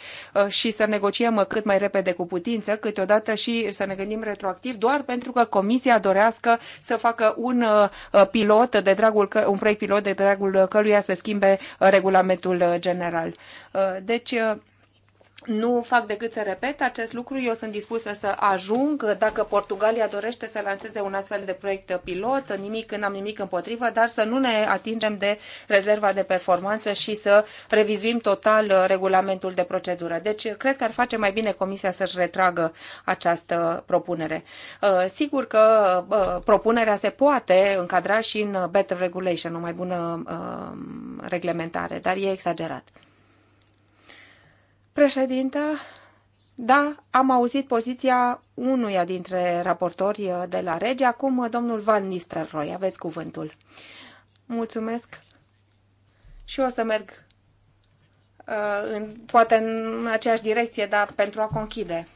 și să negociem cât mai repede cu putință, câteodată și să ne gândim retro retroactiv doar pentru că Comisia dorească să facă un uh, pilot de dragul, un proiect pilot de dragul căruia să schimbe uh, regulamentul uh, general. Deci, nu fac decât să repet acest lucru. Eu sunt dispusă să ajung dacă Portugalia dorește să lanseze un astfel de proiect pilot. Nimic, n-am nimic împotrivă, dar să nu ne atingem de rezerva de performanță și să revizuim total uh, regulamentul de procedură. Deci, cred că ar face mai bine Comisia să-și retragă această propunere. Uh, sigur că uh, propunerea se poate încadra și în better regulation, o mai bună reglementare, dar e exagerat. Președinta, da, am auzit poziția unuia dintre raportori uh, de la rege. Acum, uh, domnul Van Nistelrooy, aveți cuvântul. Mulțumesc și o să merg uh, în, poate în aceeași direcție, dar pentru a conchide.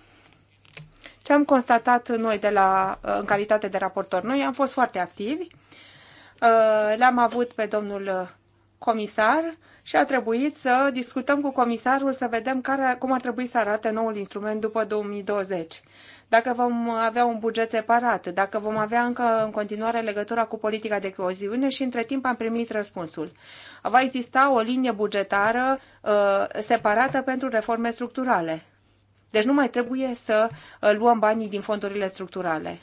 Ce am constatat noi de la, în calitate de raportor? Noi am fost foarte activi. L-am avut pe domnul comisar și a trebuit să discutăm cu comisarul să vedem care, cum ar trebui să arate noul instrument după 2020. Dacă vom avea un buget separat, dacă vom avea încă în continuare legătura cu politica de coziune și între timp am primit răspunsul. Va exista o linie bugetară uh, separată pentru reforme structurale. Deci nu mai trebuie să uh, luăm banii din fondurile structurale.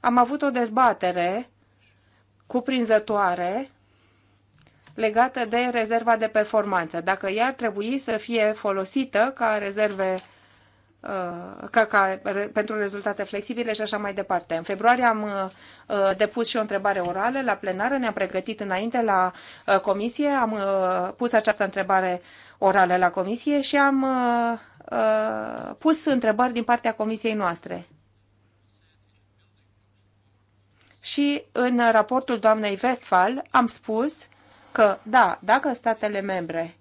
Am avut o dezbatere cuprinzătoare legată de rezerva de performanță, dacă ea ar trebui să fie folosită ca rezerve uh, ca, ca, pentru rezultate flexibile și așa mai departe. În februarie am uh, depus și o întrebare orală la plenară, ne-am pregătit înainte la uh, comisie, am uh, pus această întrebare orală la comisie și am uh, uh, pus întrebări din partea comisiei noastre. Și în raportul doamnei Westphal am spus că, da, dacă statele membre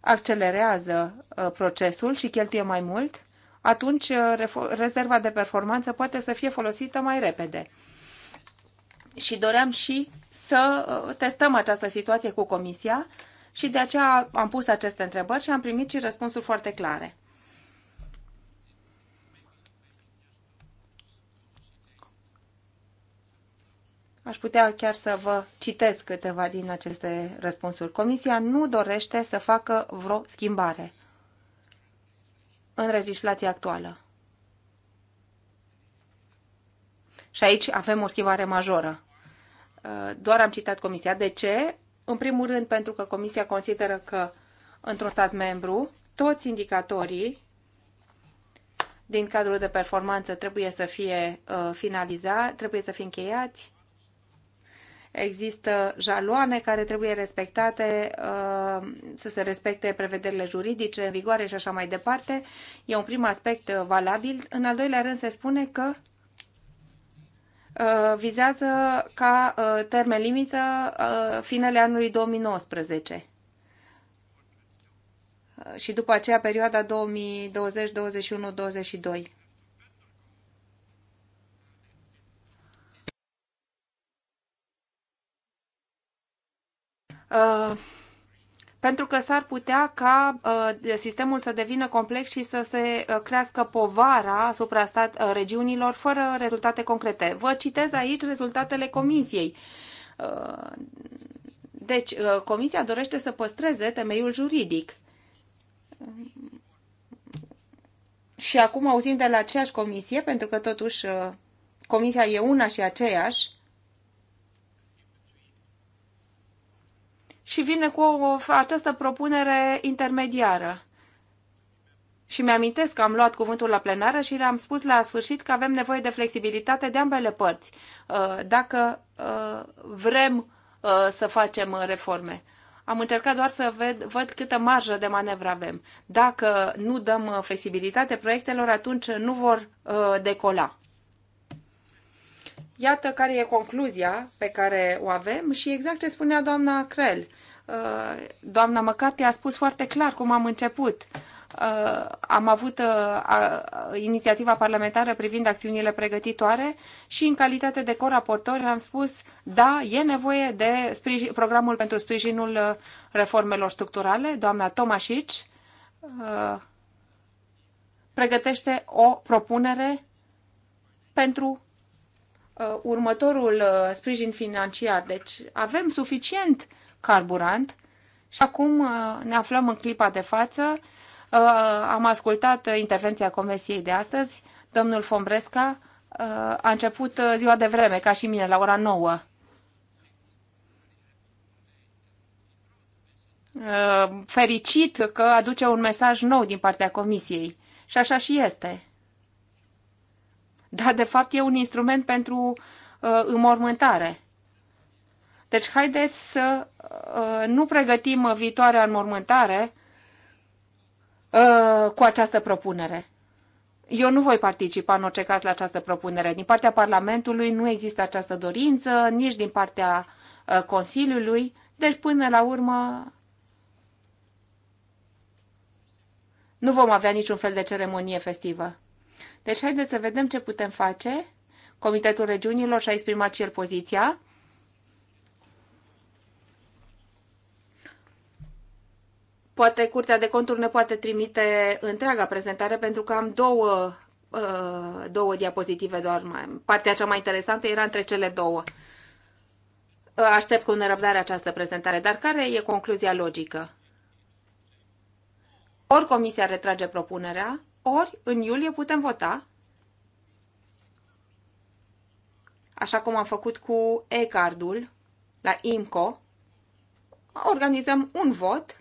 accelerează uh, procesul și cheltuie mai mult, atunci uh, rezerva de performanță poate să fie folosită mai repede. Și doream și să uh, testăm această situație cu Comisia și de aceea am pus aceste întrebări și am primit și răspunsuri foarte clare. Aș putea chiar să vă citesc câteva din aceste răspunsuri. Comisia nu dorește să facă vreo schimbare în legislația actuală. Și aici avem o schimbare majoră. Uh, doar am citat Comisia. De ce? În primul rând, pentru că Comisia consideră că într-un stat membru toți indicatorii din cadrul de performanță trebuie să fie uh, finalizați, trebuie să fie încheiați există jaloane care trebuie respectate, uh, să se respecte prevederile juridice în vigoare și așa mai departe. E un prim aspect uh, valabil. În al doilea rând se spune că uh, vizează ca termen limită finele anului 2019 și după aceea perioada 2020, 2021, 2022. Uh, pentru că s-ar putea ca uh, sistemul să devină complex și să se uh, crească povara asupra stat, regiunilor fără rezultate concrete. Vă citez aici rezultatele comisiei. Deci, comisia dorește să păstreze temeiul juridic. Și acum auzim de la aceeași comisie, pentru că totuși comisia e una și aceeași, și vine cu această propunere intermediară. Și mi-amintesc că am luat cuvântul la plenară și le-am spus la sfârșit că avem nevoie de flexibilitate de ambele părți, uh, dacă uh, vrem uh, să facem reforme. Am încercat doar să ved, văd câtă marjă de manevră avem. Dacă nu dăm flexibilitate proiectelor, atunci nu vor decola. Iată care e concluzia pe care o avem și exact ce spunea doamna Crel. Uh, doamna Măcarte a spus foarte clar cum am început. Uh, am avut uh, inițiativa parlamentară privind acțiunile pregătitoare și în calitate de coraportor am spus da, e nevoie de sprijin, programul pentru sprijinul reformelor structurale. Doamna Tomașici pregătește o propunere pentru Uh, următorul uh, sprijin financiar. Deci avem suficient carburant și acum uh, ne aflăm în clipa de față. Am ascultat intervenția comisiei de astăzi. Domnul Fombresca a început ziua de vreme, ca și mine, la ora 9. Fericit că aduce un mesaj nou din partea comisiei. Și așa și este dar de fapt e un instrument pentru uh, înmormântare. Deci haideți să uh, nu pregătim viitoarea înmormântare uh, cu această propunere. Eu nu voi participa în orice caz la această propunere. Din partea Parlamentului nu există această dorință, nici din partea uh, Consiliului. Deci, până la urmă, nu vom avea niciun fel de ceremonie festivă. Deci haideți să vedem ce putem face. Comitetul Regiunilor și-a exprimat și el poziția. Poate Curtea de Conturi ne poate trimite întreaga prezentare pentru că am două, uh, două diapozitive doar. Mai. Partea cea mai interesantă era între cele două. Uh, aștept cu nerăbdare această prezentare, dar care e concluzia logică? Ori comisia retrage propunerea, ori în iulie putem vota, așa cum am făcut cu e-cardul la IMCO, organizăm un vot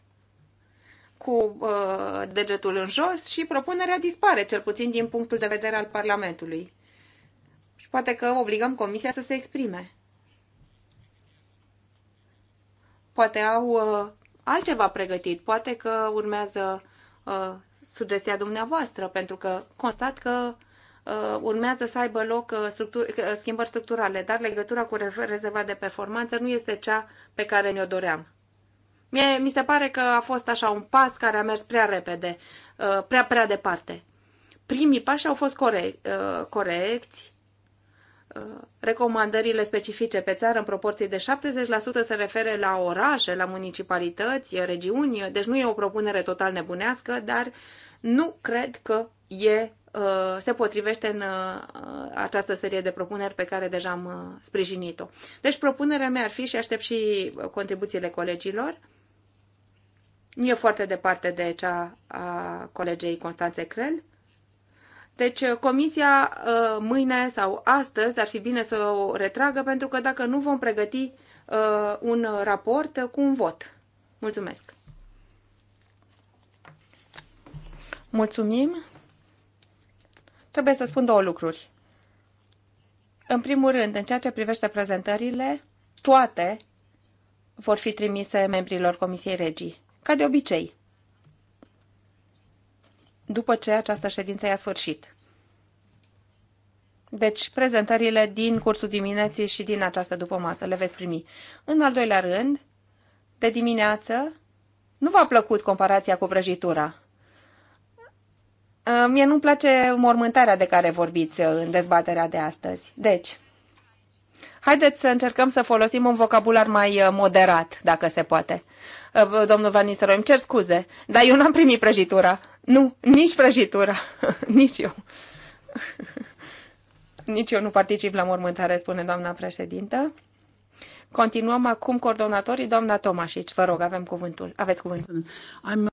cu uh, degetul în jos și propunerea dispare, cel puțin din punctul de vedere al Parlamentului. Și poate că obligăm Comisia să se exprime. Poate au uh, altceva pregătit, poate că urmează uh, sugestia dumneavoastră, pentru că constat că uh, urmează să aibă loc uh, uh, schimbări structurale, dar legătura cu rezerva de performanță nu este cea pe care ne-o doream. Mie, mi se pare că a fost așa un pas care a mers prea repede, uh, prea, prea departe. Primii pași au fost corect, uh, corecți, Uh, recomandările specifice pe țară în proporție de 70% se refere la orașe, la municipalități, regiuni, deci nu e o propunere total nebunească, dar nu cred că e, uh, se potrivește în uh, această serie de propuneri pe care deja am sprijinit-o. Deci propunerea mea ar fi și aștept și contribuțiile colegilor. Nu e foarte departe de cea a colegei Constanțe Crel deci uh, comisia uh, mâine sau astăzi ar fi bine să o retragă pentru că dacă nu vom pregăti uh, un raport cu un vot. Mulțumesc! Mulțumim! Trebuie să spun două lucruri. În primul rând, în ceea ce privește prezentările, toate vor fi trimise membrilor Comisiei Regii, ca de obicei după ce această ședință i-a sfârșit. Deci, prezentările din cursul dimineții și din această după masă le veți primi. În al doilea rând, de dimineață, nu v-a plăcut comparația cu prăjitura. Uh, mie nu-mi place mormântarea de care vorbiți uh, în dezbaterea de astăzi. Deci, haideți să încercăm să folosim un vocabular mai uh, moderat, dacă se poate. Domnul Van îmi cer scuze, dar eu n-am primit prăjitura. Nu, nici prăjitura. nici eu. nici eu nu particip la mormântare, spune doamna președintă. Continuăm acum coordonatorii, doamna Tomașici. Vă rog, avem cuvântul. Aveți cuvântul. I'm...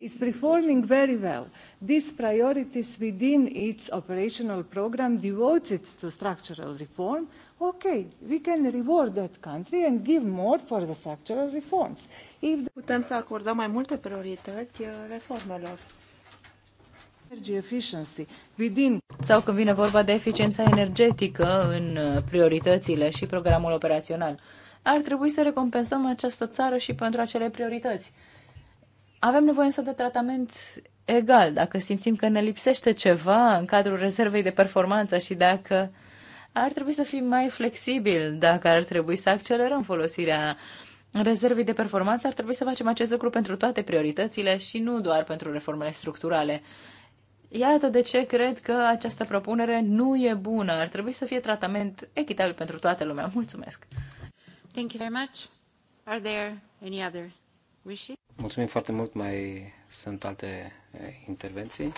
is performing very well. These priorities within its operational program devoted to structural reform, okay, we can reward that country and give more for the structural reforms. If the Putem să acordăm mai multe priorități uh, reformelor. Energy efficiency within... Sau când vine vorba de eficiența energetică în uh, prioritățile și programul operațional. Ar trebui să recompensăm această țară și pentru acele priorități avem nevoie însă de tratament egal. Dacă simțim că ne lipsește ceva în cadrul rezervei de performanță și dacă ar trebui să fim mai flexibili, dacă ar trebui să accelerăm folosirea rezervei de performanță, ar trebui să facem acest lucru pentru toate prioritățile și nu doar pentru reformele structurale. Iată de ce cred că această propunere nu e bună. Ar trebui să fie tratament echitabil pentru toată lumea. Mulțumesc! Thank you very much. Are there any other wishes?
Mulțumim foarte mult. Mai sunt alte eh, intervenții?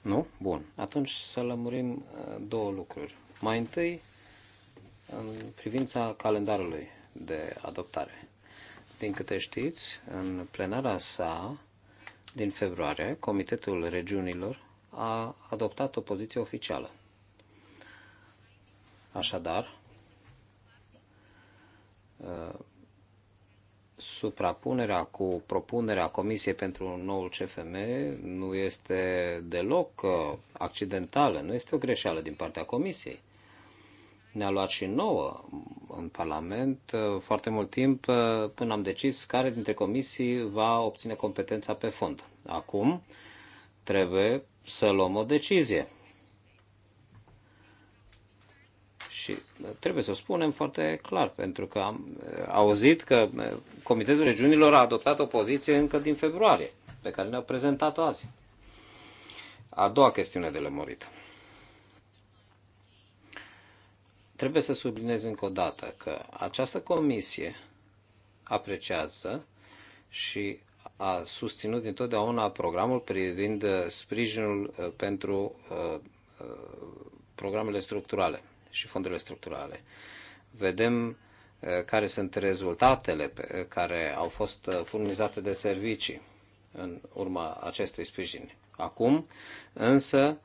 Nu? Bun. Atunci să lămurim eh, două lucruri. Mai întâi, în privința calendarului de adoptare. Din câte știți, în plenara sa din februarie, Comitetul Regiunilor a adoptat o poziție oficială. Așadar, eh, suprapunerea cu propunerea Comisiei pentru noul CFM nu este deloc uh, accidentală, nu este o greșeală din partea Comisiei. Ne-a luat și nouă în Parlament uh, foarte mult timp uh, până am decis care dintre comisii va obține competența pe fond. Acum trebuie să luăm o decizie Și trebuie să o spunem foarte clar, pentru că am eh, auzit că eh, Comitetul Regiunilor a adoptat o poziție încă din februarie, pe care ne-au prezentat-o azi. A doua chestiune de lămurit. Trebuie să sublinez încă o dată că această comisie apreciază și a susținut întotdeauna programul privind eh, sprijinul pentru programele structurale și fondurile structurale. Vedem eh, care sunt rezultatele eh, care au fost eh, furnizate de servicii în urma acestui sprijin. Acum, însă,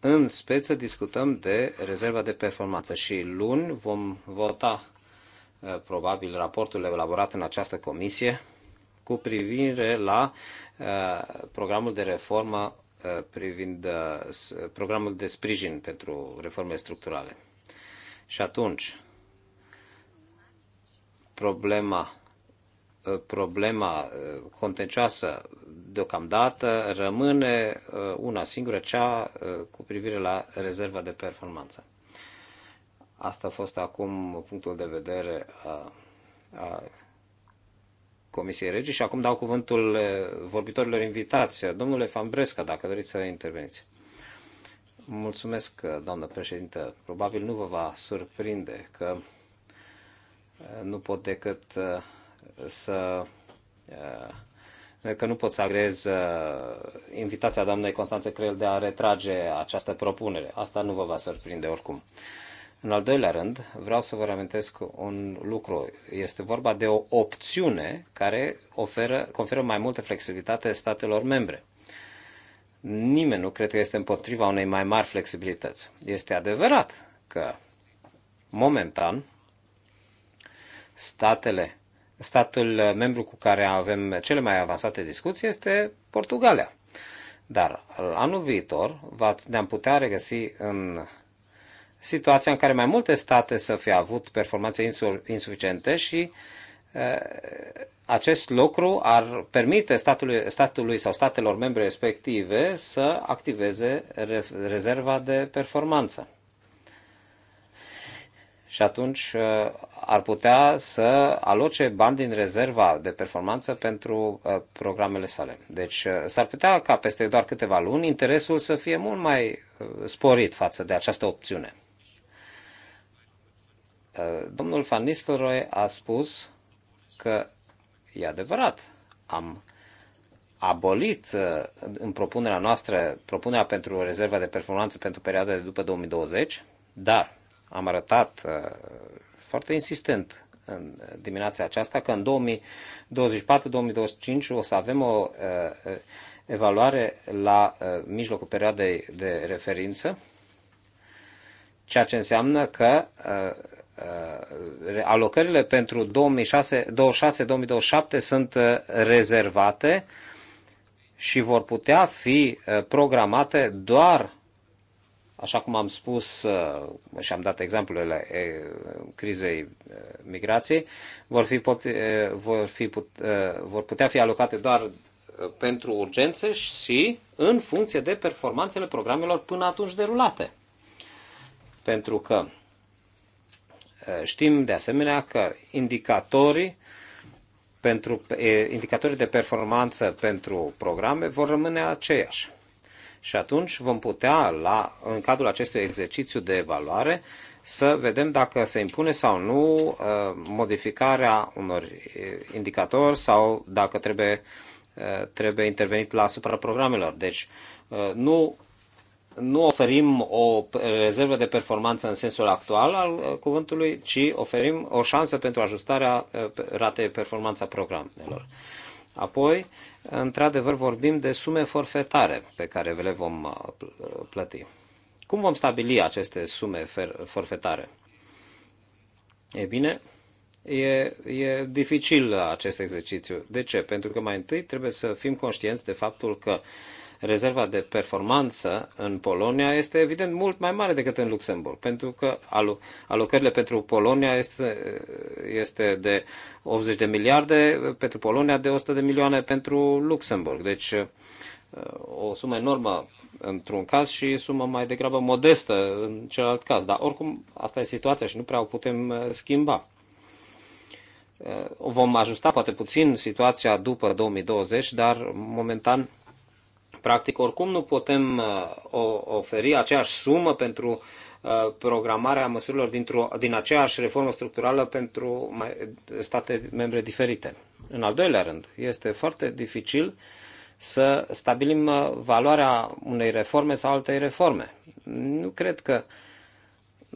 în speță discutăm de rezerva de performanță și luni vom vota probabil raportul elaborat în această comisie cu privire la programul de reformă privind programul de sprijin pentru reforme structurale. Și atunci, problema, ă, problema ă, contencioasă deocamdată rămâne ă, una singură, cea cu privire la rezerva de performanță. Asta a fost acum punctul de vedere a, a Comisiei Regii și acum dau cuvântul vorbitorilor invitați. Domnule Fambresca, dacă doriți să interveniți. Mulțumesc, doamnă președintă. Probabil nu vă va surprinde că uh, nu pot decât uh, să uh, că nu pot să agrez invitația doamnei Constanțe Creel de a retrage această propunere. Asta nu vă va surprinde oricum. În al doilea rând, vreau să vă reamintesc un lucru. Este vorba de o opțiune care oferă, conferă mai multă flexibilitate statelor membre. Nimeni nu cred că este împotriva unei mai mari flexibilități. Este adevărat că momentan statele, statul membru cu care avem cele mai avansate discuții este Portugalia. Dar anul viitor ne-am putea regăsi în situația în care mai multe state să fie avut performanțe insuficiente și eh, acest lucru ar permite statului, statului sau statelor membre respective să activeze rezerva de performanță. Și atunci uh, ar putea să aloce bani din rezerva de performanță pentru uh, programele sale. Deci uh, s-ar putea ca peste doar câteva luni interesul să fie mult mai sporit față de această opțiune. Domnul Van Nistelrooy a spus că E adevărat, am abolit uh, în propunerea noastră, propunerea pentru rezerva de performanță pentru perioada de după 2020, dar am arătat uh, foarte insistent în dimineața aceasta că în 2024-2025 o să avem o uh, evaluare la mijlocul perioadei de referință, ceea ce înseamnă că Uh, alocările pentru 2026-2027 sunt uh, rezervate și vor putea fi uh, programate doar, așa cum am spus și am dat exemplele crizei migrației, vor, fi uh, vor, fi put, vor putea fi alocate doar pentru urgențe și în funcție de performanțele programelor până atunci derulate. Pentru că Eh, știm de asemenea că indicatorii pentru, indicatorii de performanță pentru programe vor rămâne aceiași. Și atunci vom putea, la, în cadrul acestui exercițiu de evaluare, să vedem dacă se impune sau nu eh, modificarea unor eh, indicatori sau dacă trebuie, trebuie intervenit la asupra programelor. Deci nu nu oferim o rezervă de performanță în sensul actual al uh, cuvântului, ci oferim o șansă pentru ajustarea uh, ratei performanța programelor. Apoi, într-adevăr, vorbim de sume forfetare pe care le vom uh, plăti. Cum vom stabili aceste sume forfetare? E bine, e, e dificil acest exercițiu. De ce? Pentru că mai întâi trebuie să fim conștienți de faptul că uh, rezerva de performanță în Polonia este evident mult mai mare decât în Luxemburg, pentru că alocările pentru Polonia este, este de 80 de miliarde, pentru Polonia de 100 de milioane pentru Luxemburg. Deci uh, o sumă enormă într-un caz și sumă mai degrabă modestă în celălalt caz. Dar oricum asta e situația și nu prea o putem uh, schimba uh, vom ajusta poate puțin situația după 2020, dar momentan Practic, oricum nu putem uh, oferi aceeași sumă pentru uh, programarea măsurilor din aceeași reformă structurală pentru state membre diferite. În al doilea rând, este foarte dificil să stabilim uh, valoarea unei reforme sau altei reforme. Nu cred că uh,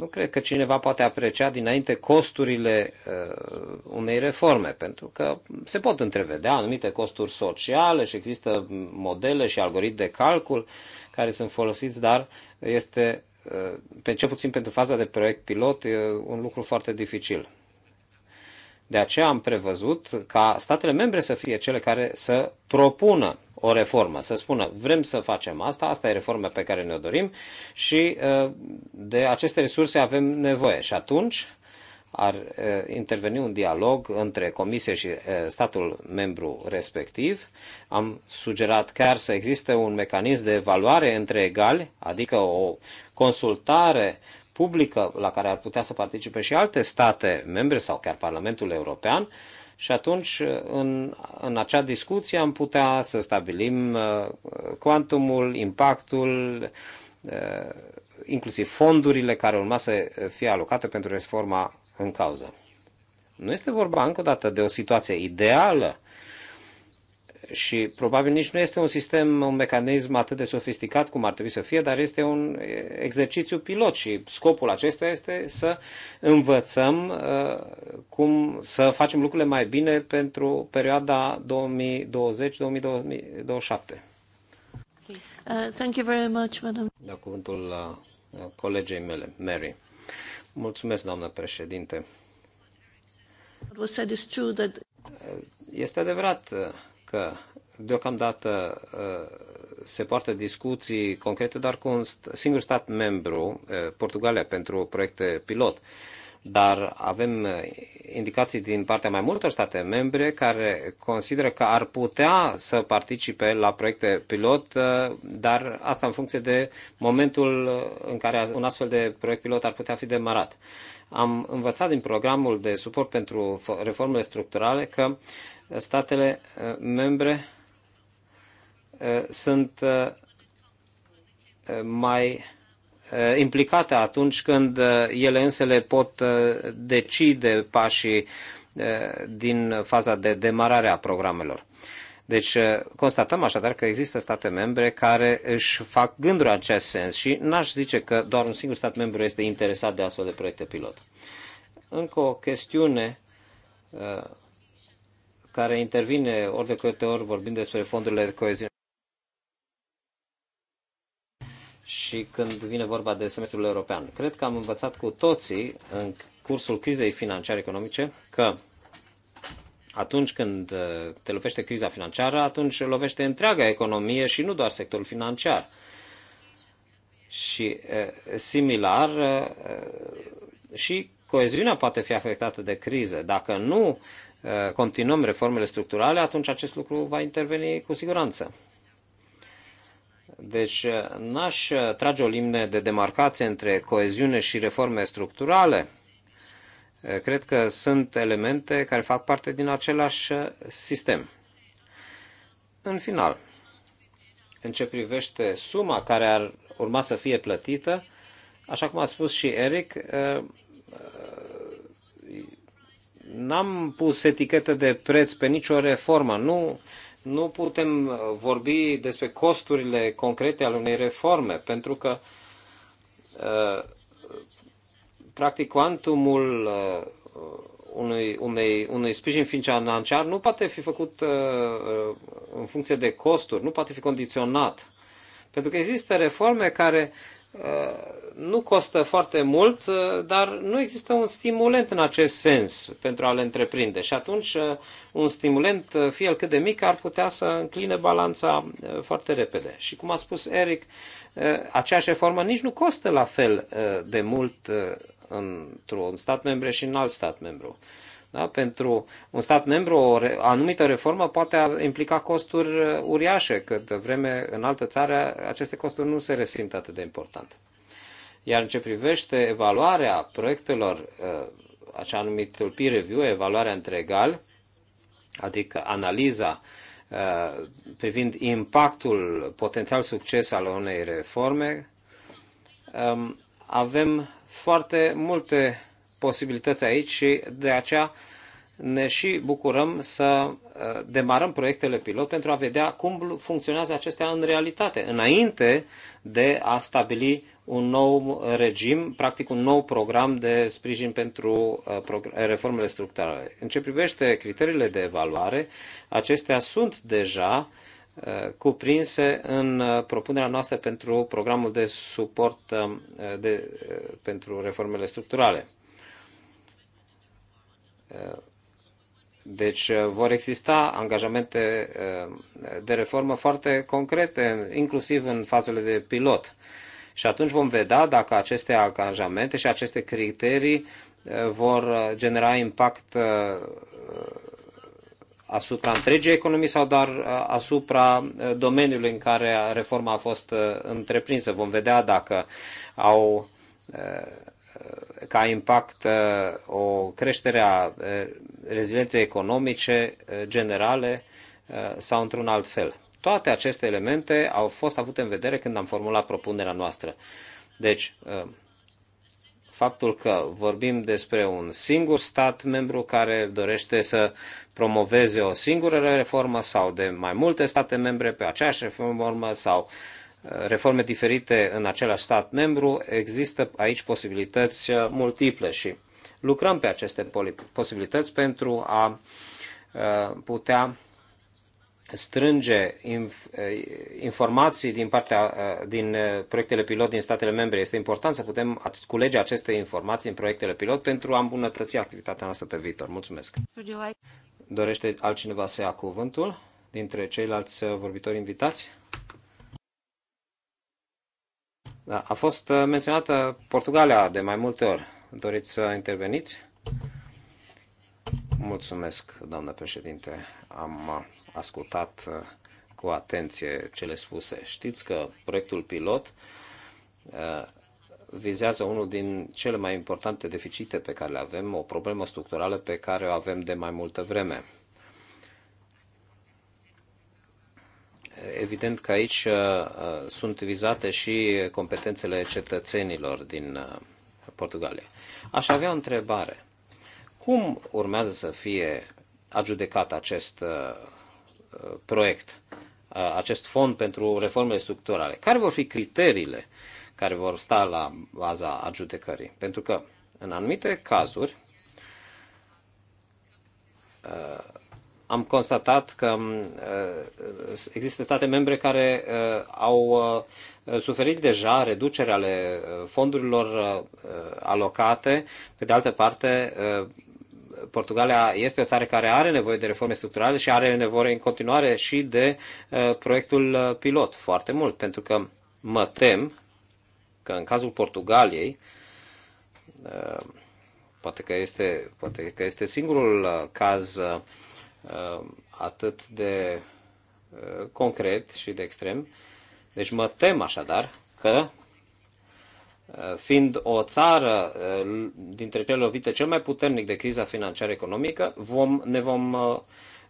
nu cred că cineva poate aprecia dinainte costurile uh, unei reforme, pentru că se pot întrevedea anumite costuri sociale și există modele și algoritmi de calcul care sunt folosiți, dar este, uh, pe ce puțin pentru faza de proiect pilot, e un lucru foarte dificil. De aceea am prevăzut ca statele membre să fie cele care să propună o reformă, să spună vrem să facem asta, asta e reforma pe care ne-o dorim și uh, de aceste resurse avem nevoie. Și atunci ar uh, interveni un dialog între Comisie și uh, statul membru respectiv. Am sugerat chiar să existe un mecanism de evaluare între egali, adică o consultare publică la care ar putea să participe și alte state membre sau chiar Parlamentul European, și atunci, în, în acea discuție, am putea să stabilim uh, cuantumul, impactul, uh, inclusiv fondurile care urma să fie alocate pentru reforma în cauză. Nu este vorba încă o dată de o situație ideală, și probabil nici nu este un sistem, un mecanism atât de sofisticat cum ar trebui să fie, dar este un exercițiu pilot și scopul acesta este să învățăm uh, cum să facem lucrurile mai bine pentru perioada 2020-2027. Uh,
thank you very much, madam.
Da cuvântul uh, colegei mele, Mary. Mulțumesc, doamnă președinte. Este adevărat uh, că deocamdată uh, se poartă discuții concrete dar cu un singur stat membru, uh, Portugalia, pentru proiecte pilot. Dar avem uh, indicații din partea mai multor state membre care consideră că ar putea să participe la proiecte pilot, dar asta în funcție de momentul în care un astfel de proiect pilot ar putea fi demarat am învățat din programul de suport pentru reformele structurale că statele uh, membre uh, sunt uh, mai implicate atunci când ele însele pot decide pașii din faza de demarare a programelor. Deci eh, constatăm așadar că există state membre care își fac gânduri în acest sens și n-aș zice că doar un singur stat membru este interesat de astfel de proiecte pilot. Încă o chestiune eh, care intervine ori de câte ori vorbim despre fondurile de coeziune și când vine vorba de semestrul european. Cred că am învățat cu toții în cursul crizei financiare economice că atunci când uh, te lovește criza financiară, atunci lovește întreaga economie și nu doar sectorul financiar. Și uh, similar, uh, și coeziunea poate fi afectată de criză. Dacă nu continuăm reformele structurale, atunci acest lucru va interveni cu siguranță. Deci n-aș trage o limne de demarcație între coeziune și reforme structurale – Cred că sunt elemente care fac parte din același uh, sistem. În final, în ce privește suma care ar urma să fie plătită, așa cum a spus și Eric, uh, uh, n-am pus etichetă de preț pe nicio reformă. Nu, nu putem vorbi despre costurile concrete ale unei reforme, pentru că Practic, cuantumul uh, unui, unei, unui sprijin financiar nu poate fi făcut uh, uh, în funcție de costuri, nu poate fi condiționat. Pentru că există reforme care nu costă foarte mult, dar nu există un stimulent în acest sens pentru a le întreprinde. Și atunci un stimulent, fie el cât de mic, ar putea să încline balanța foarte repede. Și cum a spus Eric, aceeași reformă nici nu costă la fel de mult într-un stat membru și în alt stat membru. Da? Pentru un stat membru, o re- anumită reformă poate implica costuri uh, uriașe, că de vreme în altă țară aceste costuri nu se resimt atât de importante. Iar în ce privește evaluarea proiectelor, uh, acea numitul peer review, evaluarea egal, adică analiza uh, privind impactul potențial succes al unei reforme, um, avem foarte multe posibilități aici și de aceea ne și bucurăm să uh, demarăm proiectele pilot pentru a vedea cum funcționează acestea în realitate, înainte de a stabili un nou regim, practic un nou program de sprijin pentru uh, reformele structurale. În ce privește criteriile de evaluare, acestea sunt deja uh, Uh, cuprinse în uh, propunerea noastră pentru programul de suport uh, de, pentru reformele structurale. Deci vor exista angajamente de reformă foarte concrete, inclusiv în fazele de pilot. Și atunci vom vedea dacă aceste angajamente și aceste criterii vor genera impact asupra întregii economii sau doar uh, asupra uh, domeniului în care reforma a fost uh, întreprinsă. Vom vedea dacă au ca impact o creștere a rezilienței economice generale sau într-un alt fel. Toate aceste elemente au fost avute în vedere când am formulat propunerea noastră. Deci, faptul că vorbim despre un singur stat membru care dorește să promoveze o singură reformă sau de mai multe state membre pe aceeași reformă sau uh, reforme diferite în același stat membru, există aici posibilități uh, multiple și lucrăm pe aceste posibilități pentru a uh, putea strânge eh, informații din, partea, eh, din eh, proiectele pilot din statele membre. Este important să putem culege aceste informații în proiectele pilot pentru a îmbunătăți activitatea noastră pe viitor. Mulțumesc! Dorește altcineva să ia cuvântul dintre ceilalți vorbitori invitați? Da, a fost menționată Portugalia de mai multe ori. Doriți să interveniți? Mulțumesc, doamnă președinte. Am ascultat uh, cu atenție cele spuse. Știți că proiectul pilot uh, vizează unul din cele mai importante deficite pe care le avem, o problemă structurală pe care o avem de mai multă vreme. Evident că aici uh, sunt vizate și competențele cetățenilor din Portugalia. Aș avea o întrebare. Cum urmează să fie adjudecat acest proiect, acest fond pentru reformele structurale. Care vor fi criteriile care vor sta la baza adjudecării? Pentru că, în anumite cazuri, am constatat că există state membre care au suferit deja reduceri ale fondurilor alocate, pe de altă parte Portugalia este o țară care are nevoie de reforme structurale și are nevoie în continuare și de uh, proiectul uh, pilot foarte mult, pentru că mă tem că în cazul Portugaliei, uh, poate că este, poate că este singurul caz atât de concret și de extrem, deci mă tem așadar că fiind o țară eh, dintre cele lovite cel mai puternic de criza financiară economică, vom, ne vom eh,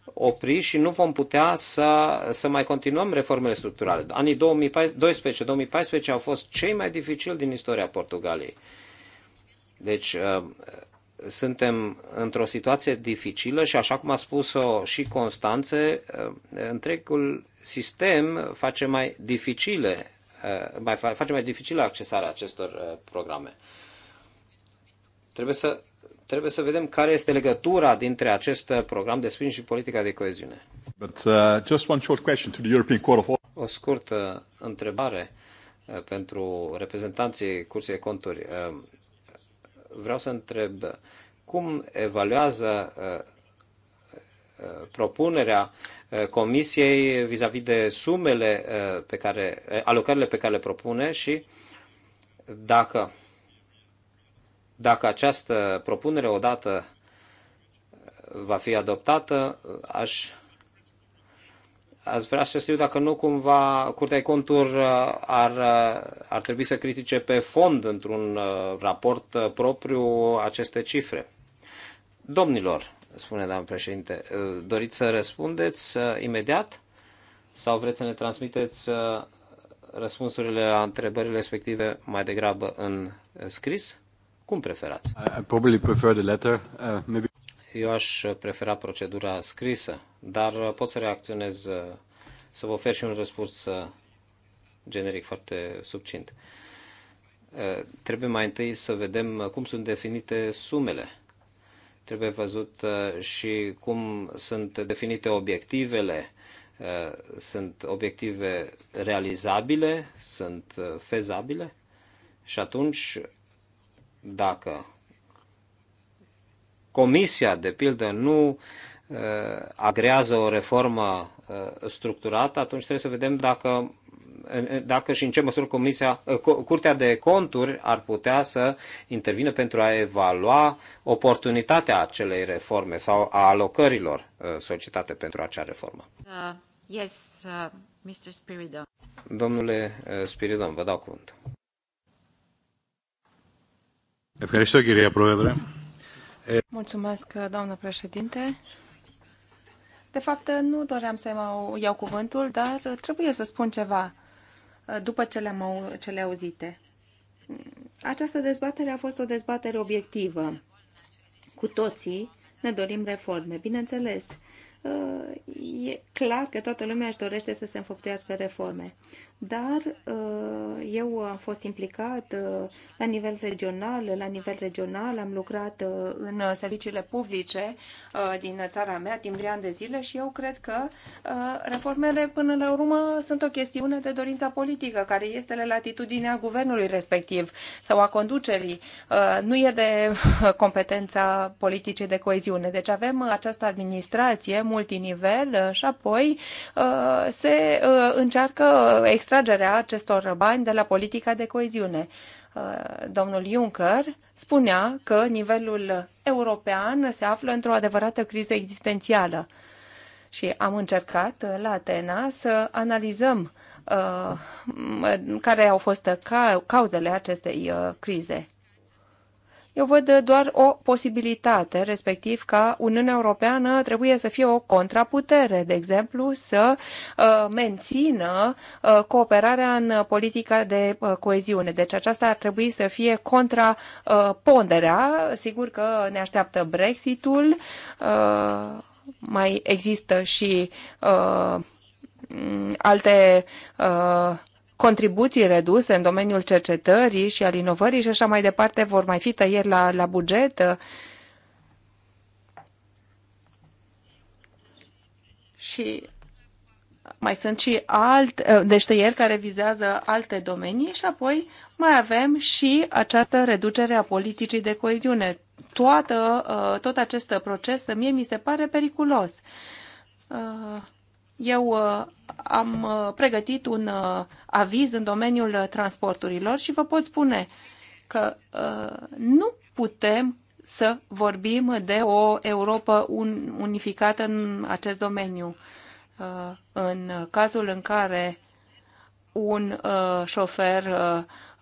opri și nu vom putea să, să mai continuăm reformele structurale. Anii 2012-2014 au fost cei mai dificili din istoria Portugaliei. Deci eh, suntem într-o situație dificilă și așa cum a spus-o și Constanțe, întregul sistem face mai dificile Uh, mai, face mai dificilă accesarea acestor uh, programe. Trebuie să, trebuie să vedem care este legătura dintre acest uh, program de sprijin și politica de coeziune. But, uh, just
one short question to the European Court of
O scurtă întrebare pentru reprezentanții Curții de Conturi. Vreau să întreb cum evaluează Uh, propunerea uh, comisiei vis-a-vis de sumele uh, pe care, alocările pe care le propune și dacă, dacă această propunere odată va fi adoptată, aș, aș vrea să știu dacă nu cumva Curtea de Conturi ar, ar trebui să critique pe fond într-un raport propriu aceste cifre. Domnilor, spune doamna președinte. Uh, doriți să răspundeți uh, imediat sau vreți să ne transmiteți uh, răspunsurile la întrebările respective mai degrabă în scris? Cum preferați?
I probably prefer the letter. Uh, maybe...
Eu aș prefera procedura scrisă, dar pot să reacționez, să vă ofer și un răspuns generic foarte succint. Trebuie mai întâi să vedem cum sunt definite sumele Trebuie văzut uh, și cum sunt definite obiectivele. Uh, sunt obiective realizabile, sunt uh, fezabile și atunci dacă Comisia, de pildă, nu agrează o reformă structurată, atunci trebuie să vedem dacă dacă și în ce măsură Comisia, uh, Curtea de Conturi ar putea să intervină pentru a evalua oportunitatea acelei reforme sau a alocărilor uh, solicitate pentru acea reformă. Uh,
yes, uh, Mr. Spiridon.
Domnule uh, Spiridon, vă dau cuvânt.
Mulțumesc, doamnă președinte. De fapt, nu doream să iau cuvântul, dar trebuie să spun ceva după cele, am, cele auzite. Această dezbatere a fost o dezbatere obiectivă. Cu toții ne dorim reforme, bineînțeles. E clar că toată lumea își dorește să se înfăptuiască reforme dar uh, eu am fost implicat uh, la nivel regional, la nivel regional am lucrat uh, în serviciile publice din țara mea timp de ani de zile și eu cred că reformele până la urmă sunt o chestiune de dorința politică care este la latitudinea guvernului respectiv sau a conducerii. Nu e de competența politicii de coeziune. Deci avem această administrație multinivel și apoi se încearcă extra extragerea acestor bani de la politica de coeziune. Uh, domnul Juncker spunea că nivelul european se află într-o adevărată criză existențială. Și am încercat uh, la Atena să analizăm uh, care au fost cauzele acestei crize eu văd uh, doar o posibilitate, respectiv ca Uniunea Europeană trebuie să fie o contraputere, de exemplu, să uh, mențină uh, cooperarea în politica de coeziune. Deci aceasta ar trebui să fie contraponderea. Sigur că ne așteaptă Brexitul, mai există și alte uh, contribuții reduse în domeniul cercetării și al inovării și așa mai departe, vor mai fi tăieri la, la buget. Și mai sunt și alt, deci tăieri care vizează alte domenii și apoi mai avem și această reducere a politicii de coeziune. Toată, uh, tot acest proces, mie mi se pare periculos uh, eu uh, am uh, pregătit un uh, aviz în domeniul transporturilor și vă pot spune că nu putem să vorbim de o Europa unificată în acest domeniu. În cazul în care un șofer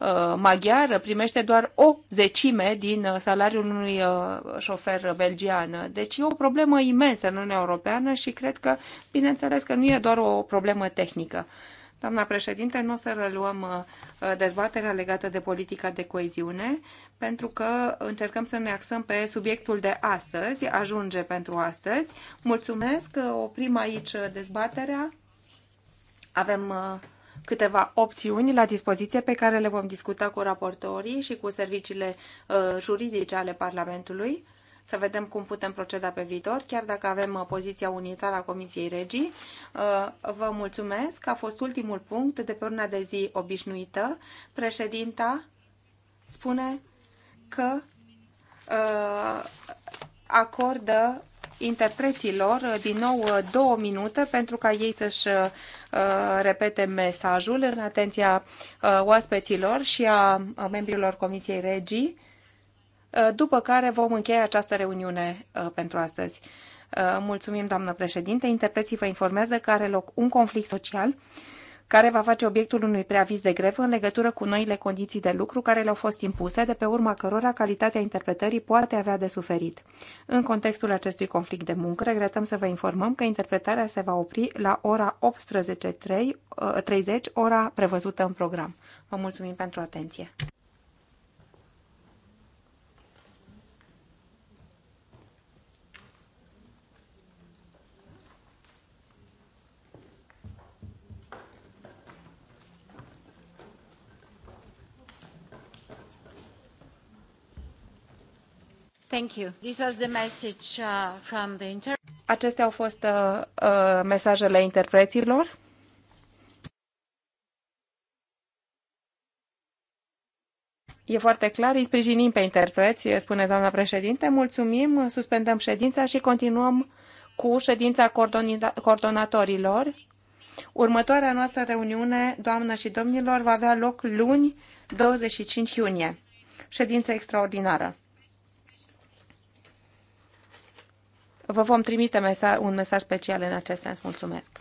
Uh, maghiar primește doar o zecime din uh, salariul unui uh, șofer belgian. Deci e o problemă imensă în Uniunea Europeană și cred că, bineînțeles, că nu e doar o problemă tehnică. Doamna președinte, nu o să reluăm dezbaterea legată de politica de coeziune, pentru că încercăm să ne axăm pe subiectul de astăzi, ajunge pentru astăzi. Mulțumesc, oprim aici dezbaterea. Avem câteva opțiuni la dispoziție pe care le vom discuta cu raportorii și cu serviciile uh, juridice ale Parlamentului să vedem cum putem proceda pe viitor, chiar dacă avem uh, poziția unitară a Comisiei Regii. Uh, vă mulțumesc. A fost ultimul punct de pe urna de zi obișnuită. Președinta spune că acordă interpreților din nou două minute pentru ca ei să-și Uh, repete mesajul în atenția uh, oaspeților și a membrilor Comisiei Regii, uh, după care vom încheia această reuniune pentru astăzi. Mulțumim, doamnă președinte. Interpreții vă informează că are loc un conflict social care va face obiectul unui preaviz de grevă în legătură cu noile condiții de lucru care le-au fost impuse, de pe urma cărora calitatea interpretării poate avea de suferit. În contextul acestui conflict de muncă, regretăm să vă informăm că interpretarea se va opri la ora 18.30, ă, ora prevăzută în program. Vă mulțumim pentru atenție! Thank you. This was the message uh, from the inter- Acestea au fost uh, uh, mesajele interpreților. E foarte clar, îi sprijinim pe interpreți, spune doamna președinte. Mulțumim, suspendăm ședința și continuăm cu ședința coordonatorilor. Următoarea noastră reuniune, doamnă și domnilor, va avea loc luni, 25 iunie. Ședință extraordinară. Vă vom trimite un mesaj special în acest sens. Mulțumesc!